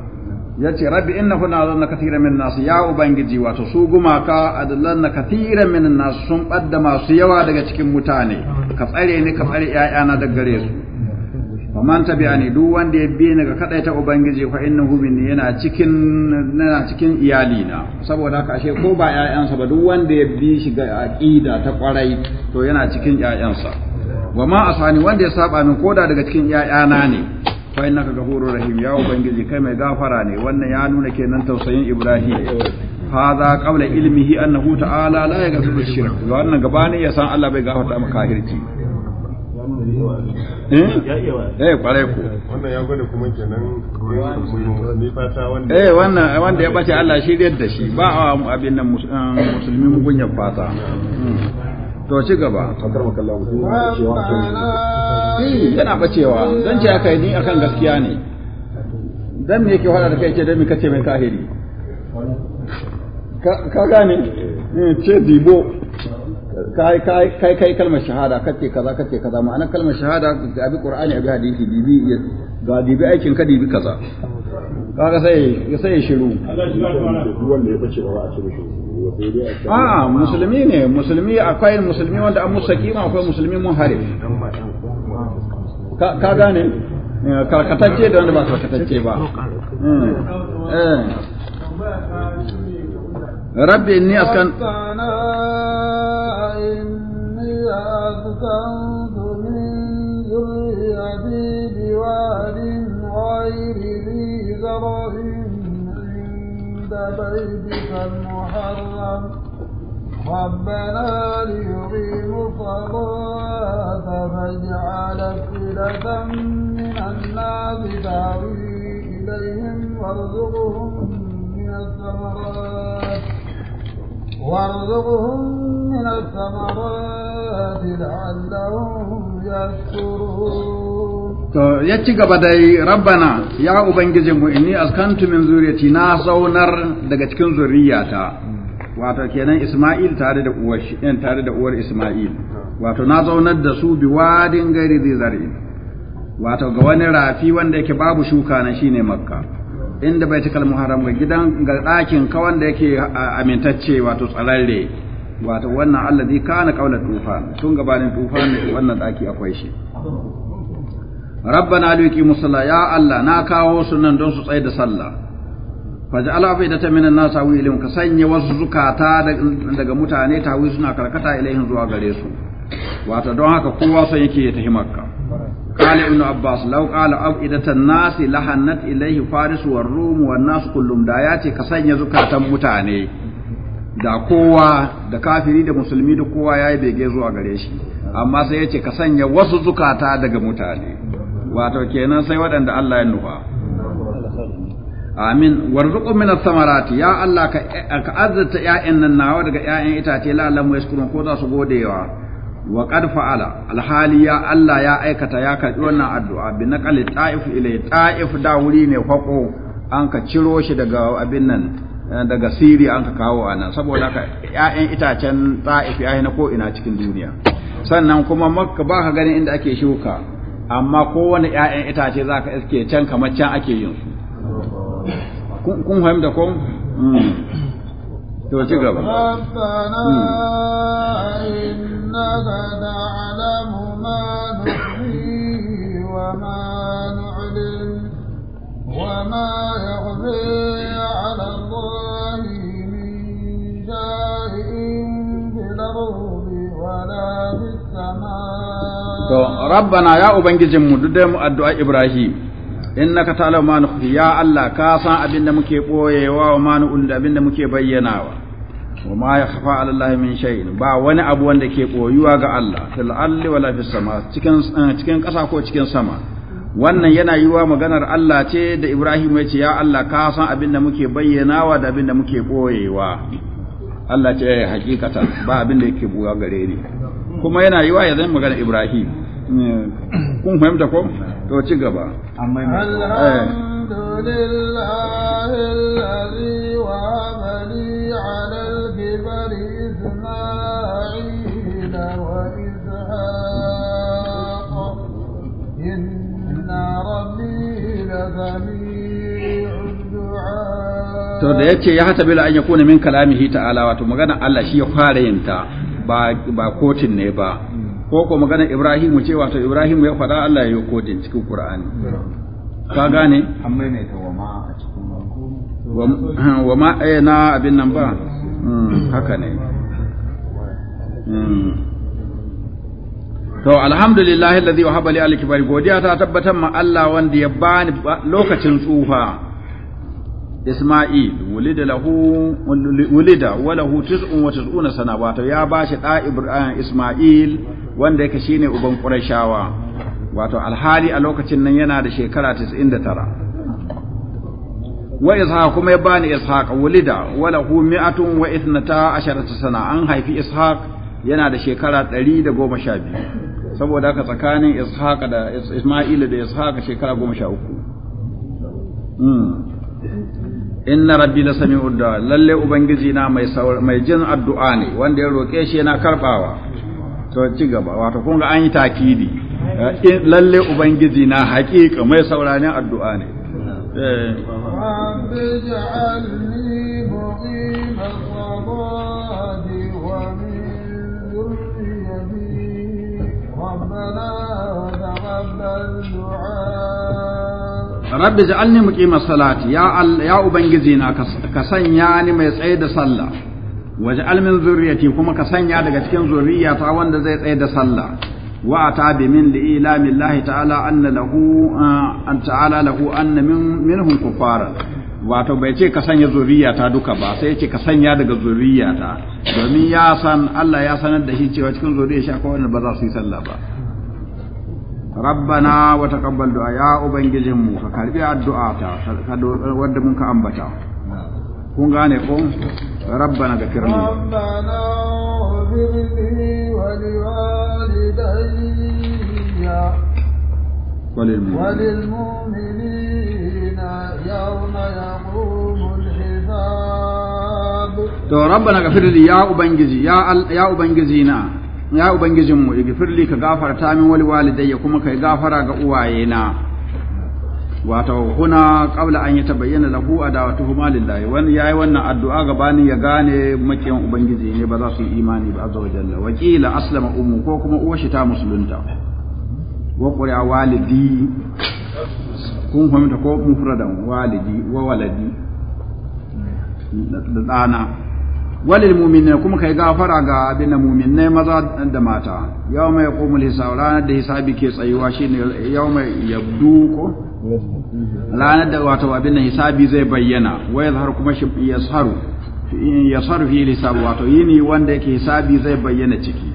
ya ce rabbi inna kuna zanna kathira min nas ya ubangiji wato su gumaka adallanna kathira min nas sun badda masu yawa daga cikin mutane ka tsare ni ka tsare na daga gare su faman tabi'ani duk wanda ya bi ni ga ta ubangiji fa hu minni yana cikin yana cikin iyalina saboda haka ashe ko ba 'ya'yansa ba duk wanda ya bi shi ga aqida ta kwarai to yana cikin ƴaƴansa wa ma asani wanda ya saba min koda daga cikin 'ya'yana ne fa ka gafuru rahim ya ubangiji kai mai gafara ne wannan ya nuna kenan tausayin ibrahim hadha qabla ilmihi annahu ta'ala la yaghfiru shirk wannan gabani ya san Allah bai gafarta maka kafirci eh, eh kwarai ko wannan ya gode kuma kenan ni fata wannan eh wannan wanda ya bace Allah shi da shi ba abin nan eh, musulmi mugunyar fata hmm. to ci gaba yana bacewa don ce aka yi ni akan gaskiya ne don me yake faɗa da kai ce don me kace mai kahiri ka gane eh, ce dibo kai kai kalmar shahada kace kaza kace kaza ma'anar kalmar shahada da abi qur'ani abi hadisi dibi ga dibi aikin ka dibi kaza kaga sai sai shiru wanda ya bace ba a cire shi a musulmi ne musulmi akwai musulmi wanda an kima akwai musulmi mun hare ka gane eh, karkatacce da wanda ba karkatacce ba eh, eh. rabbi ni askan من ذريتي بواد غير إبراهيم عند بيتك المحرم ربنا ليقيموا الصلاة فاجعل أفئدة من الناس تهوي إليهم وارزقهم من الثمرات وارزقهم من الثمرات لعلهم يشكرون to ya ci gaba dai rabbana ya ubangijin mu inni askantu min zuriyati na saunar daga cikin zuriyata wato kenan isma'il tare da uwar shi eh, tare da uwar isma'il wato na zaunar da su bi wadin gari zai zari wato ga wani rafi wanda yake babu shuka na shine makka inda bai cikal muharram ga gidan ga ɗakin ka wanda yake amintacce wato tsalalle wato wannan allazi kana kaula tufan tun gabanin tufan wannan ɗaki akwai shi rabbana liki musalla ya Allah na kawo su nan don su tsaye da sallah faj'al afidata minan nas awilin ka sanya wasu zukata daga mutane tawi suna karkata ilaihin zuwa gare su wato don haka kowa son yake ya tafi makka qala ibnu abbas law qala afidatan nas lahannat ilaihi faris war rum wan nas kullum da yace ka sanya zukatan mutane da kowa da kafiri da musulmi da kowa yayi bege zuwa gare shi amma sai yace ka sanya wasu zukata daga mutane wato kenan sai waɗanda Allah ya nufa amin warzuqu min samarati ya Allah ka ka azzata ƴaƴan nan nawa daga 'ya'yan itace la lam yashkurun ko za su gode wa qad fa'ala alhali ya Allah ya aikata ya karbi wannan addu'a bi naqali ta'if ilay ta'if da wuri ne fako an ka ciro shi daga abin nan eh, daga siri an ka kawo nan saboda ka 'ya'yan itacen ta'if ya na ko ina cikin duniya sannan kuma makka ba ka ganin inda ake shuka amma kowane ‘ya'yan itace za ka iske can kamar can ake yin su kun mm. ci gaba وما to rabbana ya ubangijin mu duk mu addu'a ibrahim innaka ta'lamu ma nukhfi ya allah ka san abin da muke boyewa wa ma nu'un da abin da muke bayyanawa wa ma yakhfa 'ala allah min shay'in ba wani abu wanda ke koyuwa ga allah fil alli wala fis sama cikin eh, cikin ƙasa ko cikin sama wannan yana yiwa maganar allah ce da ibrahim ya ce ya allah ka san abin da muke bayyanawa da abin da muke boyewa Allah ce eh, hakikatan ba abin da yake buwa gare ni kuma yana yi wa ya zama magana Ibrahim kun fahimta ko to ci gaba Alhamdulillah alhamdulillahi alladhi wa amali ala al-kibari isma'il wa ishaq inna rabbi lazami'ud du'a to da yace ya hatabila an yakuna min kalamihi ta'ala wato magana Allah shi ya fara yin ta ba ba kotin ne ba ko ko magana Ibrahim ce wato Ibrahim ya faɗa Allah ya yi kotin cikin Qur'ani ka gane amma mai a cikin [laughs] eh, na abin nan ba hmm, haka ne hmm. to alhamdulillah alladhi wahaba li al-kibari godiya ta tabbatar ma Allah wanda ya bani lokacin tsufa Isma'il wulida lahu wulida wa lahu tis'un wa tis'una sana wato ya bashi da Ibrahim Isma'il wanda yake shine uban Qurayshawa wato alhali a lokacin nan yana da shekara 99 wa Ishaq kuma ya bani Ishaq wulida wa lahu mi'atun wa ithnata asharata sana an haifi Ishaq yana da shekara 112 saboda haka tsakanin Ishaq da Isma'il da Ishaq shekara 13 inna rabbi la sami udda lalle ubangiji na mai mai jin addu'a ne wanda ya roke shi yana karbawa to ci gaba wato kun ga an yi takidi eh, lalle ubangiji na haƙiƙa mai saurani addu'a ne eh rabbi ja'alni muqima salati ya al ya ubangiji na ka sanya ni mai tsaye da sallah waj'al min zurriyati kuma ka sanya daga cikin zurriyata wanda zai tsaye da sallah wa ata bi min li'ilami Allah ta'ala anna lahu an ta'ala lahu anna min minhum kuffara wato bai ce ka sanya zurriyata duka ba sai ce ka sanya daga zurriyata domin ya san Allah ya sanar da shi cewa cikin zurriyar shi akwai wanda ba za su yi sallah ba rabbana wa taqabbal du'a ya ubangijin ka karbi addu'a ta wanda mun ka ambata kun gane ko rabbana ga firni rabbana ubirni wa liwalidayya to rabbana ya ubangiji ya ya ubangiji na ya ubangijinmu igfirli ka ta min wal ya kuma kai gafara ga uwayena wato huna qabla an yi ta bayyana da ku a adawatuhuma lillahi wani yayi wannan addu'a gabanin ya gane makiyan ubangiji ne ba za su yi imani ba azza wa jalla aslama ummu ko kuma uwashi ta musulunta wa qura walidi kun fahimta ko mufradan walidi wa waladi da ɗana walil mu'minina kuma kai gafara ga abin mu'minai maza da mata yawma yaqumul hisab ranar da hisabi ke tsayuwa shine yawma yabdu ko ranar da wato abin hisabi zai bayyana wa yazhar kuma shi yasharu yasharu fi hisab wato yini wanda yake hisabi zai bayyana ciki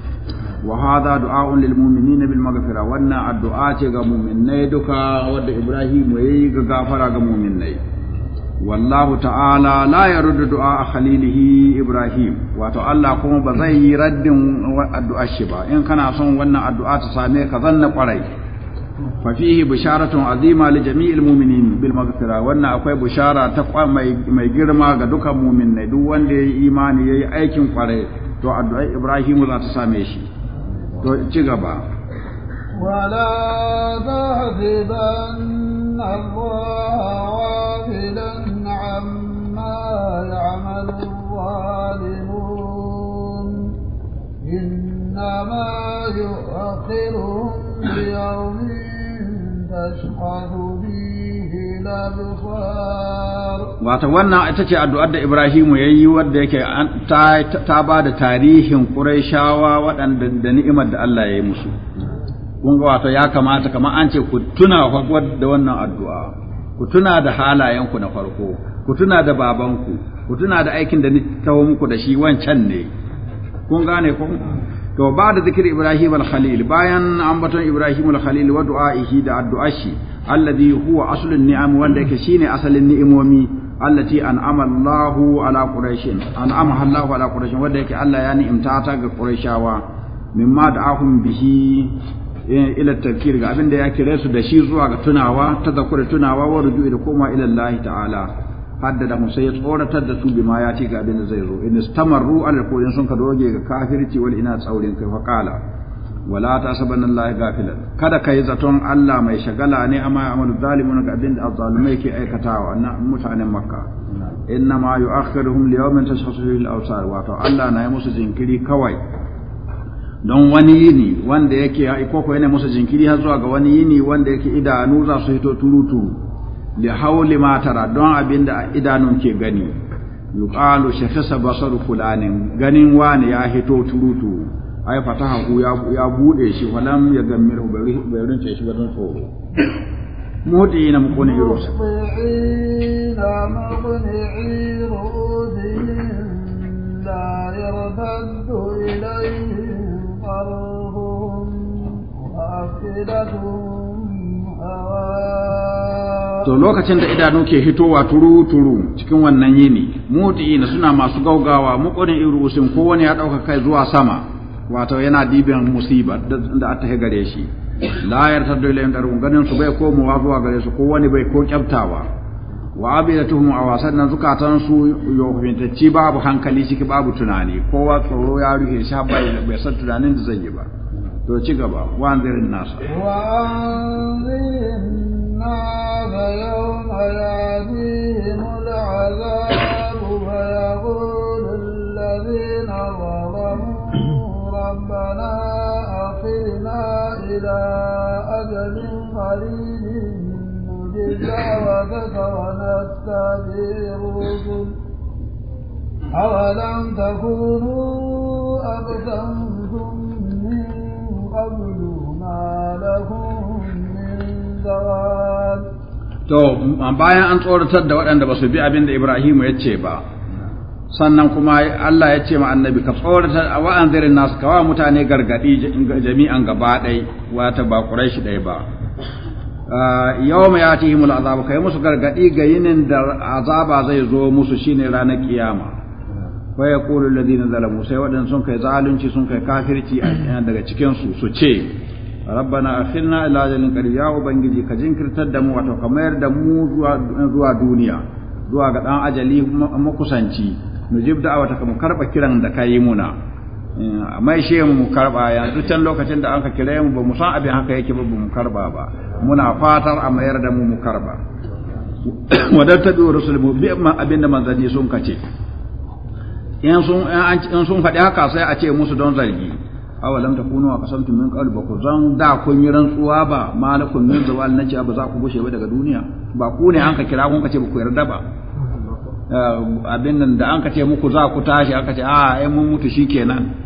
wa hadha du'a'un lil mu'minina bil maghfira wannan addu'a ce ga mu'minai duka wanda Ibrahim yayi ga gafara ga mu'minai wallahu ta'ala la yaruddu du'a khalilihi ibrahim wato Allah kuma ba zai yi raddin addu'a shi ba in kana son wannan addu'a ta same ka zanna kwarai fa fihi bisharatun azima li jami'il mu'minin bil maghfira wannan akwai bishara ta mai mai girma ga dukan mu'minai duk wanda yayi imani yayi aikin kwarai to addu'a ibrahim za ta same shi to ci gaba ولا تحسبن الله غافلا الظالمون wata wannan ita ce addu'ar da Ibrahimu ya yi wadda yake ta ba da tarihin Qurayshawa waɗanda da ni'imar da Allah ya yi musu. Kun ga wato ya kamata kamar an ce ku tuna da wannan addu'a. ku tuna da halayenku na farko ku tuna da babanku ku tuna da aikin da ta muku da shi wancan ne kun gane ku to ba da zikir ibrahim al-khalil bayan ambaton ibrahim al-khalil wa du'a'ihi da addu'ashi alladhi huwa aslun ni'am wanda yake shine asalin ni'imomi allati an'ama Allahu ala quraishin an'ama Allahu ala quraishin wanda yake Allah ya ni'imta ta ga quraishawa mimma da'ahum bihi Eh, ila tafkir ga abin da ya kire su da shi zuwa ga tunawa da tunawa wa ruju'i da koma ila Allah ta'ala haddada mu sai ya tsoratar da su bima ya ci ga abin da zai zo in istamaru ala kullin sun ka doge ga kafirci wal ina tsaurin kai fa qala wala tasabanna Allah gafilan kada kai zaton Allah mai shagala ne amma amalu zalimun ga abin da azzalumai ke aikatawa na mutanen makka inna ma yu'akhiruhum li yawmin tashhasu fihi al-absar wato Allah na yi musu jinkiri kawai don wani yini wanda yake koko yana musu jinkiri har zuwa ga wani yini wanda yake idanu za su hito turutu li hauli matara don abin da idanun ke gani yuqalu shafasa basaru fulanin ganin wani ya hito turutu ai fatahu ya ya bude shi walam ya bari bai ce shi wajen tsoro modi na mukuni irosa لا to lokacin da idanu ke hitowa turu-turu cikin wannan yini na suna masu gaugawa muƙurin irusin kowane ya ɗauka kai zuwa sama wato yana dibin musiba da ta gare shi la ta dole ilayen ganin su bai komowa zuwa gare su wani bai ko kyaftawa wa abidatuhum awasan nan zukatan su yohintacci babu hankali ciki babu tunani kowa tsoro ya rufe shi bai san tunanin da zai yi ba to ci gaba wa anzirin nasu wa anzirin nasa yawma yadihim azabu wa yaqulu alladhina zalamu rabbana akhirna ila ajalin qarib أولم تكونوا من قبل ما لكم من زوال To, bayan an tsoratar da waɗanda ba su bi abin da Ibrahimu ya ce ba, sannan kuma Allah ya ce ma annabi ka a wa'an zirin nasu kawa mutane gargaɗi jami'an gaba ɗai wata ba shi ɗai ba yawma yatihimul azabu kai musu gargadi ga yinin da azaba zai zo musu shine ranar kiyama fa yaqulu alladhina zalamu sai wadan sun kai zalunci sun kai kafirci daga cikin su su ce rabbana akhirna ila ajalin qarib ya ubangiji ka jinkirtar da mu wato ka mayar da mu zuwa duniya zuwa ga dan ajali makusanci nujib da'awata ka mu karba kiran da kayi muna mai shi mu karba yanzu can lokacin da anka kire mu ba mu san abin haka yake ba mu karba ba muna fatar a mayar da mu mu karba [coughs] wadar tabi wa rusul mu bi amma abin da manzanni sun kace in sun in sun faɗi haka sai a ce musu don zargi awalam takunu wa qasamtum min qabl ba ku zan da kun yi rantsuwa ba malakum min zawal nace ba za ku gushe ba daga duniya ba ku ne anka kira kun kace ba ku yarda ba eh, abin nan da an ka ce muku za ku tashi aka ce a ah, ai mun mutu shikenan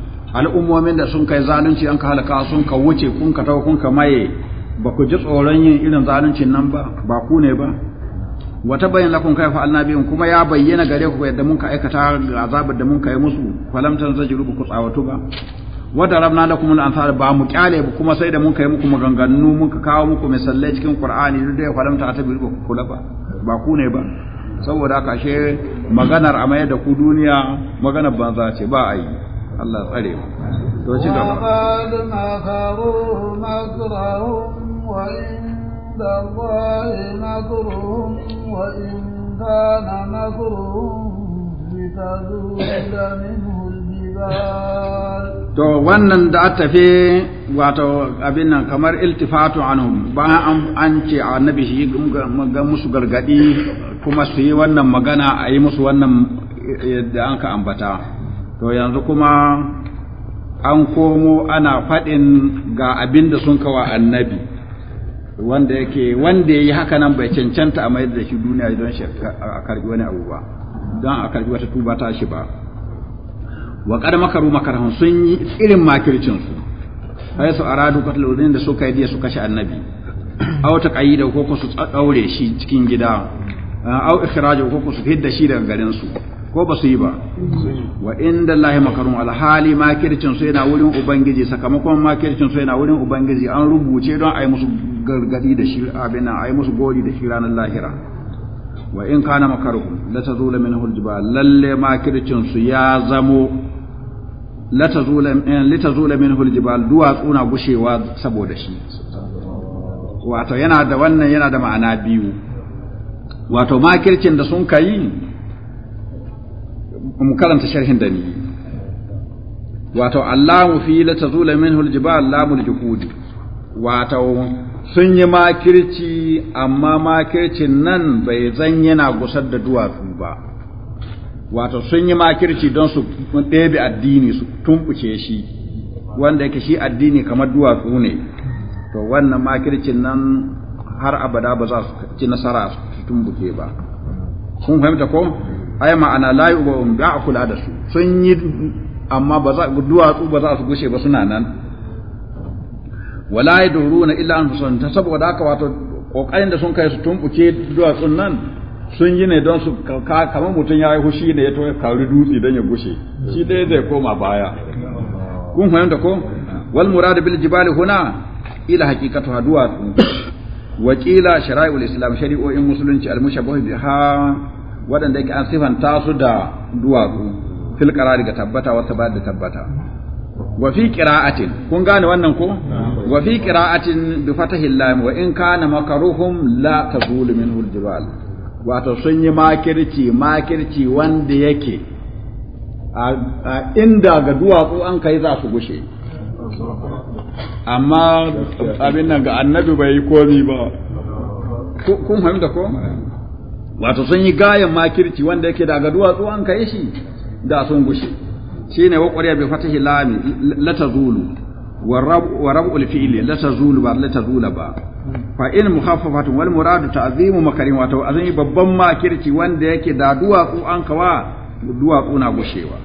al'ummomin da sun kai zalunci an ka halaka sun ka wuce kun ka tau kun ka maye ba ku ji tsoron yin irin zaluncin nan ba ba ku ne ba wata bayan lakun kai fa nabiyin kuma ya bayyana gare ku yadda mun ka aikata azabar da mun kai musu falamtan zajiru ba ku tsawatu ba wata rabna da kuma ansar ba mu kyale ba kuma sai da mun kai muku maganganu mun ka kawo muku misalai cikin qur'ani duk da ya falamta ta bi ku kula ba ba ku ne ba saboda kashe maganar a mayar da ku duniya maganar banza ce ba a yi Allah tsare mu to ci gaba qad makaru makrahum wa inda Allahi makruhum wa in kana makruhum litazula minhu To wannan da tafe wato abin nan kamar iltifatu anhum ba an ce annabi shi ga musu gargadi kuma su yi wannan magana a yi musu wannan eh, da an ka ambata. to yanzu kuma an komo ana faɗin ga abin da sun kawa annabi wanda yake wanda ya yi haka nan bai cancanta a mai da shi duniya don shi a karbi wani abu ba don a karbi wata tuba ta shi ba wa kar makaru makarhan sun yi irin makircin su sai su aradu qatl da suka yi su kashe annabi aw ta qayyida ko ko su tsaure shi cikin gida aw ikhraju ko ko su fidda shi daga garin su ko ba su yi ba wa inda Allah makarun alhali makircin su yana wurin ubangiji sakamakon makircin su yana wurin ubangiji an rubuce don a yi musu gargadi da shi abin nan a yi musu gori da shi ranar lahira wa in kana makaruhum la tazula min aljibal lalle makircin su ya zamo la tazula in eh, la tazula min aljibal duwatsu na gushewa saboda shi wato yana da wannan yana da ma'ana biyu wato makircin da sun kai mu karanta sharhin da ni wato allamu fi la tazula minhu aljibal lamul juhudi wato sun yi makirci amma makircin nan bai zan yana gusar da duwatsu ba wato sun yi makirci don su ɗebe addini su tumɓuce shi wanda yake shi addini kamar duwatsu ne to wannan makircin nan har abada ba za su ci nasara su tumbuke ba kun fahimta ko ai ma'ana la yu'um ba kula da su sun yi amma ba za duwatsu ba za su gushe ba suna nan wala yaduruna illa anfusuhum ta saboda haka wato kokarin da sun kai su tumbuke duwatsun nan sun yi ne don su kamar mutum ya yi hushi da ya toye kauri dutse don ya gushe shi dai zai koma baya kun fahimta ko wal murad bil jibali huna ila haqiqatu haduwa wakila shara'il islam shari'o'in musulunci al mushabbah biha waɗanda yake an sifanta su da duwatsu fil qarari ga tabbata wa sabat da tabbata wa fi qira'atin kun gane wannan ko wa fi qira'atin bi fatahi lam wa in kana makaruhum la tazulu minhu aljibal wato sun yi makirci makirci wanda yake a inda ga duwatsu an kai za su gushe amma abin nan ga annabi bai yi komi ba kun fahimta ko wato sun yi gayan makirci wanda yake daga duwatsu an kai shi da sun gushe shine wa qariya bi fatihi lami la zulu. wa rabu, wa rabul fi'li la tazulu ba la zula ba fa in mukhaffafatun wal muradu ta'zimu makarin. wato azan yi babban makirci wanda yake da duwatsu an kawa duwatsu na gushewa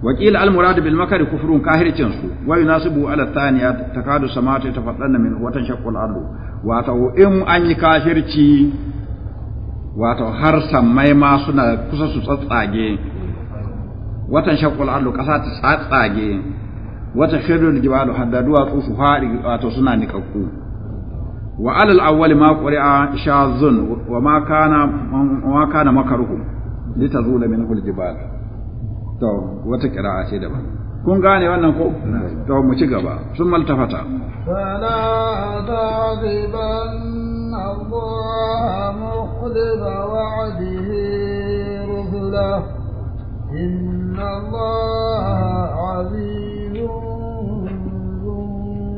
وقيل المراد بالمكر كفر كاهر تنسو ويناسب على الثانية تكاد السماوات يتفطرن منه وتنشق الأرض واتو إم أني كافرتي wato har sammai ma suna kusa su tsatsage watan shakul allu kasa ta tsatsage wata shirul jibalu haddaduwa tsufu fadi wato suna nikakku wa alal awwal ma quri'a shazun wa ma kana wa kana makaruhu litazula minhu aljibal to wata qira'a ce daban kun gane wannan ko to mu ci gaba sun maltafata fala ta'ziban الله مخلف وعده رسله إن الله عزيز ذو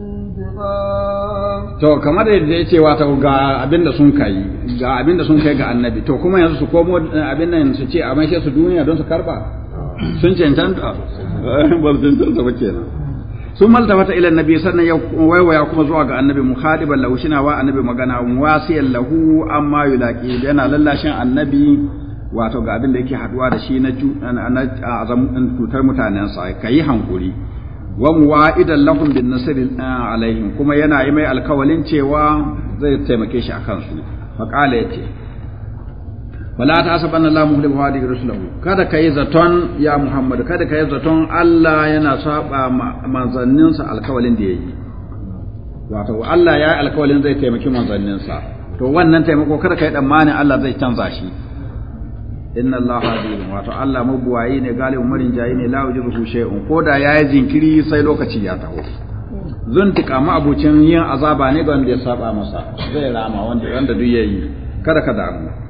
انتقام to kamar yadda ya ce wata ga abinda sun kai ga abinda sun kai ga annabi to kuma yanzu su komo eh, abin nan su ce a maishe su duniya don su karba ah. sun cancanta ah. eh, ba su cancanta ba kenan sun maltafata ilan nabi sannan ya waiwaya kuma zuwa ga annabi muhadiban lahu shina wa annabi magana wasiyan lahu amma yulaqi yana lallashin annabi wato ga abin da yake haduwa da shi na cutar sa, ka yi hankuri wa idan lahum bin nasri alaihim kuma yana yi mai alkawalin cewa zai taimake shi akan su faqala yace wala ta asabanna Allah muhlifu hadi rusulahu kada kai zaton ya Muhammad kada kai zaton Allah yana saba manzanninsa alkawalin da yayi wato Allah ya alkawalin zai taimaki manzanninsa to wannan taimako kada kai tsammanin Allah zai canza shi inna Allah azizun wato Allah mabuwayi ne galibin marin jayi ne la yujibu shay'un ko da yayi jinkiri sai lokaci ya taho zuntuka ma abucin yin azaba ne ga wanda ya saba masa zai rama wanda wanda duk yayi kada ka damu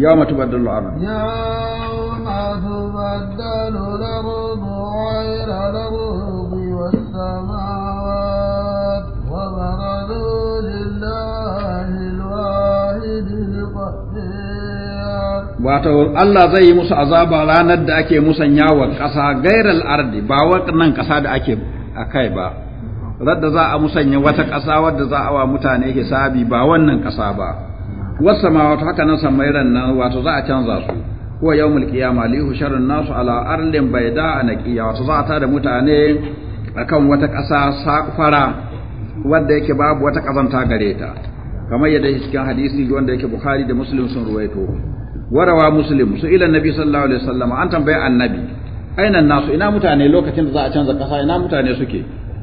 يوم تبدل الأرض يوم تبدل الأرض غير الأرض والسماوات وبرزوا لله الواحد القهار wato الله زي موسى عذاب لا ranar أكي موسى musanya قصى غير الأرض باوك نن قصى أكي da ake a radda za a musanya wata ƙasa wadda za a wa mutane hisabi ba wannan ƙasa ba wasa ma wato haka nan ran nan wato za a canza su ko yawmul qiyama li husharun nasu ala arlin bayda naƙiya. wato za a tada mutane akan wata ƙasa safara wadda yake babu wata kazanta gare ta kamar yadda yake cikin hadisi wanda yake bukhari da muslim sun ruwaito warawa muslim su ila nabi sallallahu alaihi wasallam an tambaye annabi aina nasu ina mutane lokacin da za a canza ƙasa ina mutane suke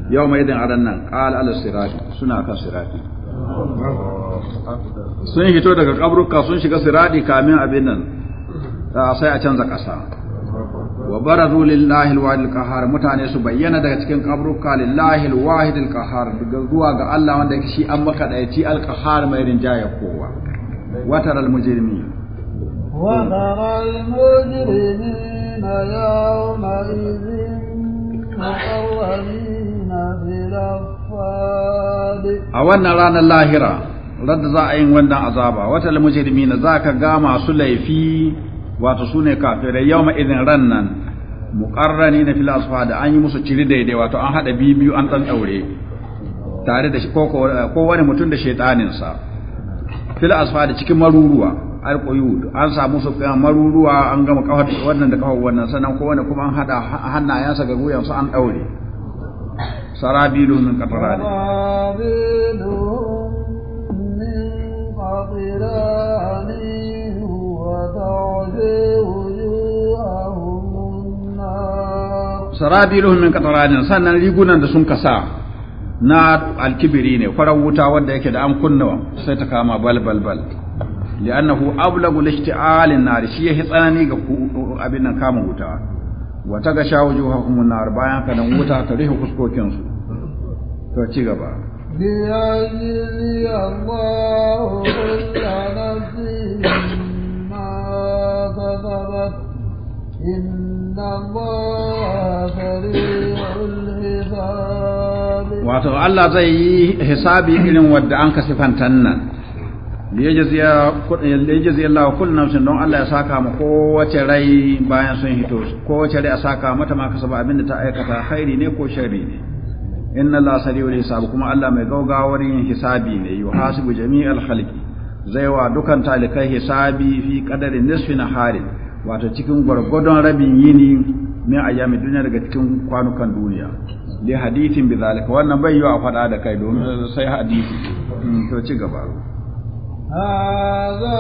yawma idin aran nan qala al sirati suna kan sirati sun hito daga kabruka sun shiga siradi kamin abin nan sai a canza ƙasa wa barazu lillahi alwahid alqahar mutane su bayyana daga cikin kabruka lillahi alwahid alqahar daga zuwa ga Allah wanda yake shi an maka yaci alqahar mai rinjaya kowa watar almujrimi wa tara na yawma idhin a wannan ranar lahira radda za a yin wannan azaba wata na, za ka ga masu laifi wato sune kafirai yawma idin rannan muqarrani na fil asfad an yi musu ciri daidai wato an hada bibiyu an dan daure tare da ko wani mutum da shaytanin sa fil asfad cikin maruruwa alquyud an samu su kan maruruwa an gama kafar wannan da kafar wannan sanan ko wani kuma an hada hannayensa ga wuyansu an daure sarabilu min ne sarabiluhum min وجوههم sannan rigunan da sun kasa na alkibiri ne farar wuta wanda yake da amkunnawa sai ta kama bal bal bal li'annahu ablagu lishti'alin nar shi yake tsanani ga abin nan kama wuta wata ga shawujuhum nar bayan kana wuta ta rihe fuskokin su to ci gaba wato Allah zai yi hisabi irin wadda an ka sifantan nan ziyar lawa kullum nafsin don Allah ya saka ma kowace rai bayan sun hito kowace rai a saka mata ma kasaba abinda ta aikata hairi ne ko shari. ne inna la sari'ul hisab kuma Allah mai gaugawar yin hisabi ne yuhasibu jami'al khalqi zai wa dukan talikai hisabi fi qadari nisfi naharin wato cikin gwargwadon rabin yini a ayyami duniya daga cikin kwanukan duniya li hadithin bi wannan bai yiwa a fada da kai domin sai hadisi hmm, to ci gaba هذا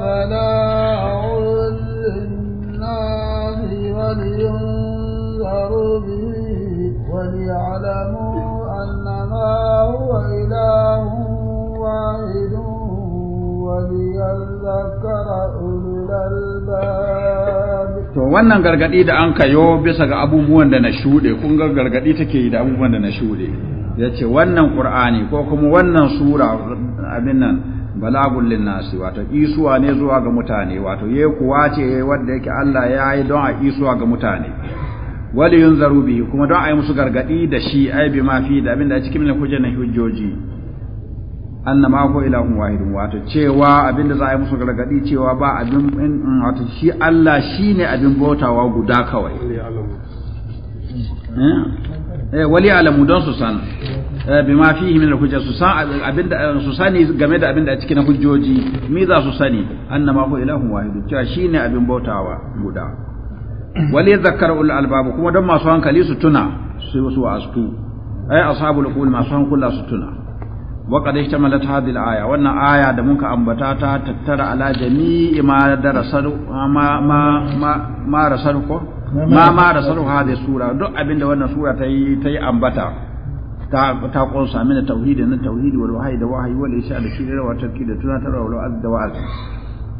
بلاء للناس ولينذروا به وليعلموا ما هو إله واحد وليذكر أولو الألباب to wannan gargadi da an kayo bisa ga abubuwan da na shuɗe kun gargadi take yi da abubuwan da na shuɗe ya ce wannan ƙur'ani ko kuma wannan sura abin nan balagun linnasi wato isuwa ne zuwa ga mutane wato ye kuwa ce wadda yake Allah ya yi don a isuwa ga mutane wali yunzaru zarubi kuma don ayi musu gargadi da shi ai bi ma fi da abinda a cikin milin na hujjoji anna ma ko ilahun wahidun wato cewa abinda za a yi musu gargadi cewa ba abin wato shi Allah shine abin bautawa guda kawai eh? eh wali alamu don su san eh, bi ma fihi min alhujja su san abinda su sani game da abinda a cikin hujjoji me za su sani anna ma ko ilahun wahidun cewa shine abin bautawa guda wali zakkar ul albab kuma don masu hankali su tuna su su astu ai ashabul qul masu hankula su tuna wa qad ishtamalat hadhihi aya wannan aya da muka ambata ta tattara ala jami'i ma darasar ma ma ma rasar ko ma ma rasar hadhihi sura duk abinda wannan sura ta yi ta yi ambata ta ta kunsa mina tauhidi na tauhidi wal wahyi da wahyi wal isha da shirra wa tarki da tunatarwa wal azda wa azda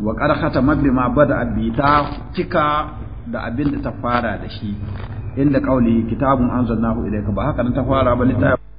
wa qad khatama bima bada bi ta cika da abin da ta fara da shi inda kauli kitabun anzalnahu ilayka ba haka nan ta fara ba ta